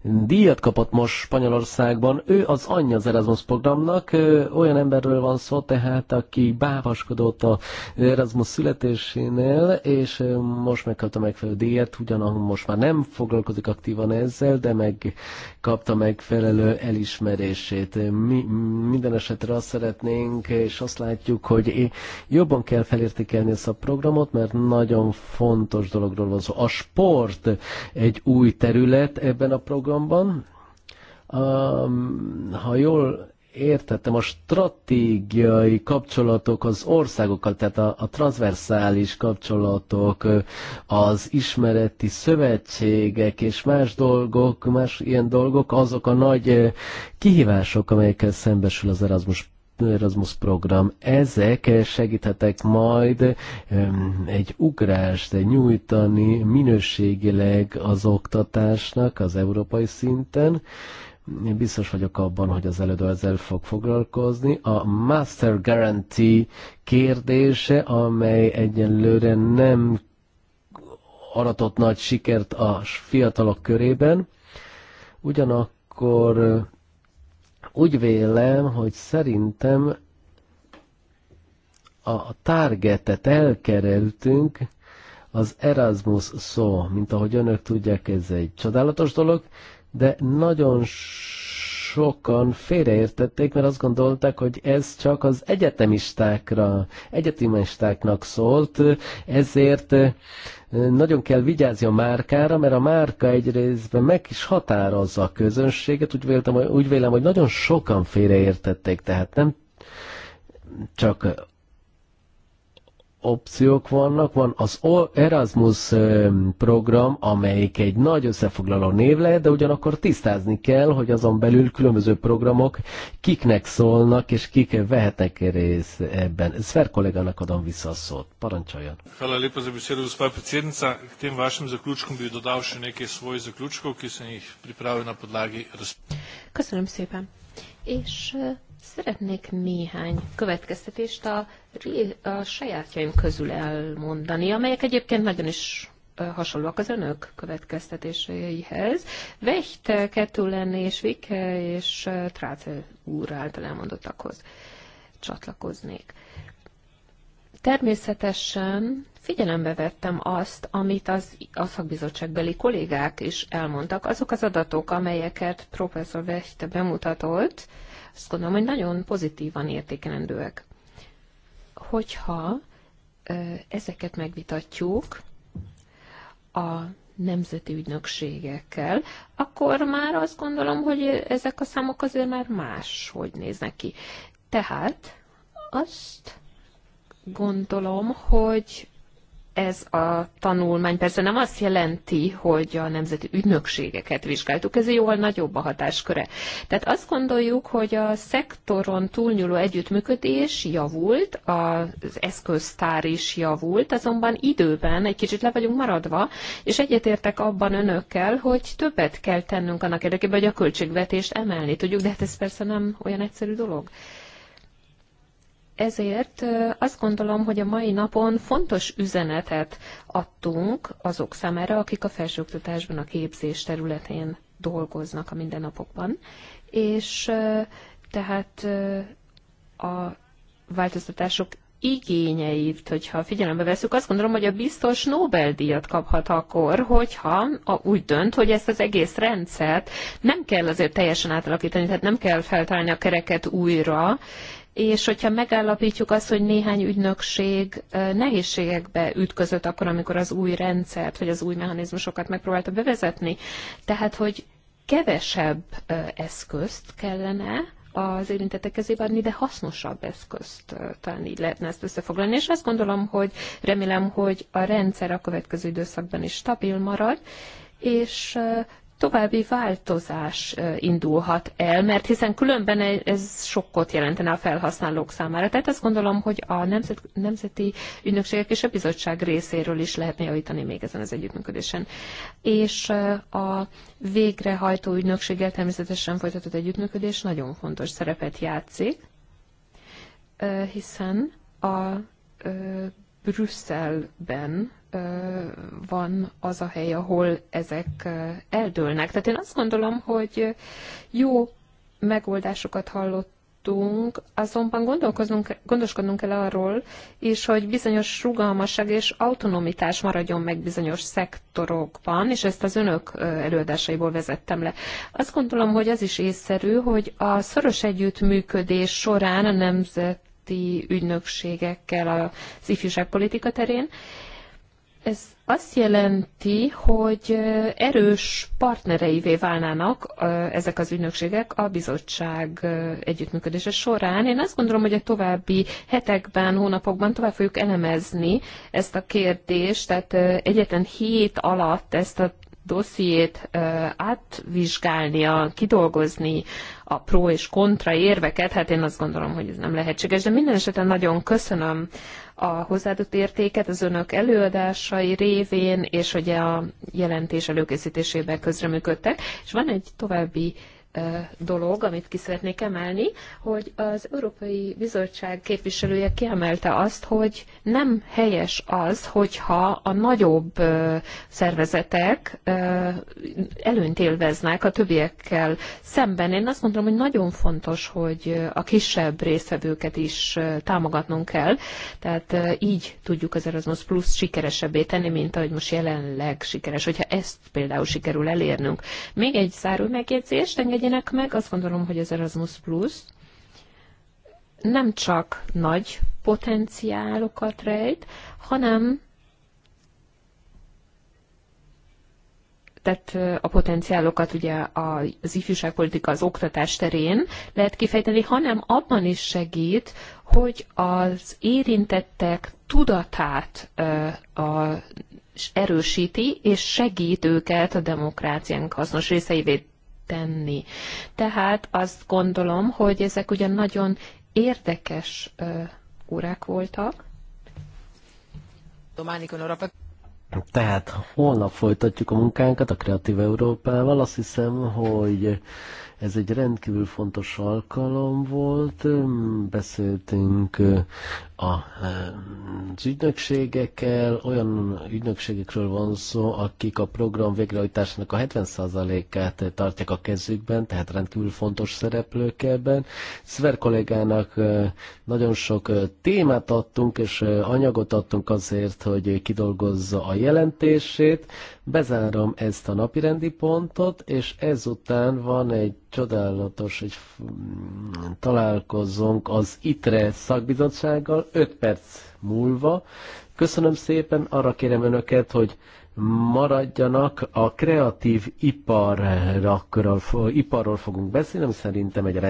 díjat kapott most Spanyolországban, ő az anyja az Erasmus programnak, olyan emberről van szó tehát, aki bávaskodott az Erasmus születésénél, és most megkapta megfelelő díjat, ugyanahol most már nem foglalkozik aktívan ezzel, de megkapta megfelelő elismerését. Mi minden esetre azt szeretnénk, és azt látjuk, hogy jobban kell felértékelni ezt a programot, mert nagyon fontos dologról van szó. A sport egy új terület ebben a programban. Ha jól értettem, a stratégiai kapcsolatok az országokkal, tehát a, a transversális kapcsolatok, az ismereti szövetségek és más dolgok, más ilyen dolgok, azok a nagy kihívások, amelyekkel szembesül az Erasmus Erasmus program, ezek segíthetek majd egy ugrást nyújtani minőségileg az oktatásnak az európai szinten. Én biztos vagyok abban, hogy az elődő ezzel fog foglalkozni. A Master Guarantee kérdése, amely egyenlőre nem aratott nagy sikert a fiatalok körében, ugyanakkor úgy vélem, hogy szerintem a targetet elkerültünk, az Erasmus szó, mint ahogy önök tudják, ez egy csodálatos dolog, de nagyon sokan félreértették, mert azt gondolták, hogy ez csak az egyetemistákra, egyetemistáknak szólt, ezért nagyon kell vigyázni a márkára, mert a márka részben meg is határozza a közönséget. Úgy, úgy vélem, hogy nagyon sokan félreértették, tehát nem csak opciók vannak. Van az Erasmus program, amelyik egy nagy összefoglaló név lehet, de ugyanakkor tisztázni kell, hogy azon belül különböző programok kiknek szólnak, és kik vehetnek részt ebben. Szver kollégának adom vissza a szót. Parancsoljon. Hála lépa za besedo, gospa predsednica. K tem vašim zaključkom bi dodal še nekaj svojih zaključkov, ki sem jih pripravil na podlagi. Köszönöm szépen. És Szeretnék néhány következtetést a, a sajátjaim közül elmondani, amelyek egyébként nagyon is hasonlóak az önök következtetéseihez. Vechte, Ketulen és Vike és Trácel úr által elmondottakhoz csatlakoznék. Természetesen figyelembe vettem azt, amit az, a szakbizottságbeli kollégák is elmondtak, azok az adatok, amelyeket professzor Vechte bemutatott, azt gondolom, hogy nagyon pozitívan értékelendőek. Hogyha ezeket megvitatjuk a nemzeti ügynökségekkel, akkor már azt gondolom, hogy ezek a számok azért már más, hogy néznek ki. Tehát azt gondolom, hogy ez a tanulmány persze nem azt jelenti, hogy a nemzeti ügynökségeket vizsgáltuk, ez jóval nagyobb a hatásköre. Tehát azt gondoljuk, hogy a szektoron túlnyúló együttműködés javult, az eszköztár is javult, azonban időben egy kicsit le vagyunk maradva, és egyetértek abban önökkel, hogy többet kell tennünk annak érdekében, hogy a költségvetést emelni tudjuk, de hát ez persze nem olyan egyszerű dolog ezért azt gondolom, hogy a mai napon fontos üzenetet adtunk azok számára, akik a felsőoktatásban a képzés területén dolgoznak a mindennapokban, és tehát a változtatások igényeit, hogyha figyelembe veszük, azt gondolom, hogy a biztos Nobel-díjat kaphat akkor, hogyha a, úgy dönt, hogy ezt az egész rendszert nem kell azért teljesen átalakítani, tehát nem kell feltalálni a kereket újra, és hogyha megállapítjuk azt, hogy néhány ügynökség nehézségekbe ütközött akkor, amikor az új rendszert, vagy az új mechanizmusokat megpróbálta bevezetni, tehát, hogy kevesebb eszközt kellene az érintettek kezébe adni, de hasznosabb eszközt talán így lehetne ezt összefoglalni. És azt gondolom, hogy remélem, hogy a rendszer a következő időszakban is stabil marad, és további változás indulhat el, mert hiszen különben e- ez sokkot jelentene a felhasználók számára. Tehát azt gondolom, hogy a nemzet, nemzeti ügynökségek és a bizottság részéről is lehetne javítani még ezen az együttműködésen. És a végrehajtó ügynökséggel természetesen folytatott együttműködés nagyon fontos szerepet játszik, hiszen a Brüsszelben van az a hely, ahol ezek eldőlnek. Tehát én azt gondolom, hogy jó megoldásokat hallottunk, azonban gondolkoznunk, gondoskodnunk kell arról is, hogy bizonyos rugalmasság és autonomitás maradjon meg bizonyos szektorokban, és ezt az önök előadásaiból vezettem le. Azt gondolom, hogy az is észszerű, hogy a szoros együttműködés során a nemzeti ügynökségekkel az ifjúságpolitika terén, ez azt jelenti, hogy erős partnereivé válnának ezek az ügynökségek a bizottság együttműködése során. Én azt gondolom, hogy a további hetekben, hónapokban tovább fogjuk elemezni ezt a kérdést, tehát egyetlen hét alatt ezt a dossziét átvizsgálnia, kidolgozni a pro és kontra érveket, hát én azt gondolom, hogy ez nem lehetséges, de minden esetben nagyon köszönöm a hozzáadott értéket az önök előadásai révén, és ugye a jelentés előkészítésében közreműködtek. És van egy további dolog, amit ki szeretnék emelni, hogy az Európai Bizottság képviselője kiemelte azt, hogy nem helyes az, hogyha a nagyobb szervezetek előnyt élveznek a többiekkel szemben. Én azt mondom, hogy nagyon fontos, hogy a kisebb részvevőket is támogatnunk kell, tehát így tudjuk az Erasmus Plus sikeresebbé tenni, mint ahogy most jelenleg sikeres, hogyha ezt például sikerül elérnünk. Még egy záró megjegyzést, engedj legyenek meg. Azt gondolom, hogy az Erasmus Plus nem csak nagy potenciálokat rejt, hanem tehát a potenciálokat ugye az ifjúságpolitika az oktatás terén lehet kifejteni, hanem abban is segít, hogy az érintettek tudatát a erősíti, és segít őket a demokráciánk hasznos részeivé tenni. Tehát azt gondolom, hogy ezek ugyan nagyon érdekes órák voltak. Tehát holnap folytatjuk a munkánkat a Kreatív Európával. Azt hiszem, hogy ez egy rendkívül fontos alkalom volt, beszéltünk a az ügynökségekkel, olyan ügynökségekről van szó, akik a program végrehajtásának a 70%-át tartják a kezükben, tehát rendkívül fontos szereplők ebben. Szver kollégának nagyon sok témát adtunk, és anyagot adtunk azért, hogy kidolgozza a jelentését. Bezárom ezt a napirendi pontot, és ezután van egy csodálatos egy találkozónk az ITRE szakbizottsággal 5 perc múlva. Köszönöm szépen, arra kérem önöket, hogy maradjanak, a kreatív iparról, iparról fogunk beszélni, ami szerintem egy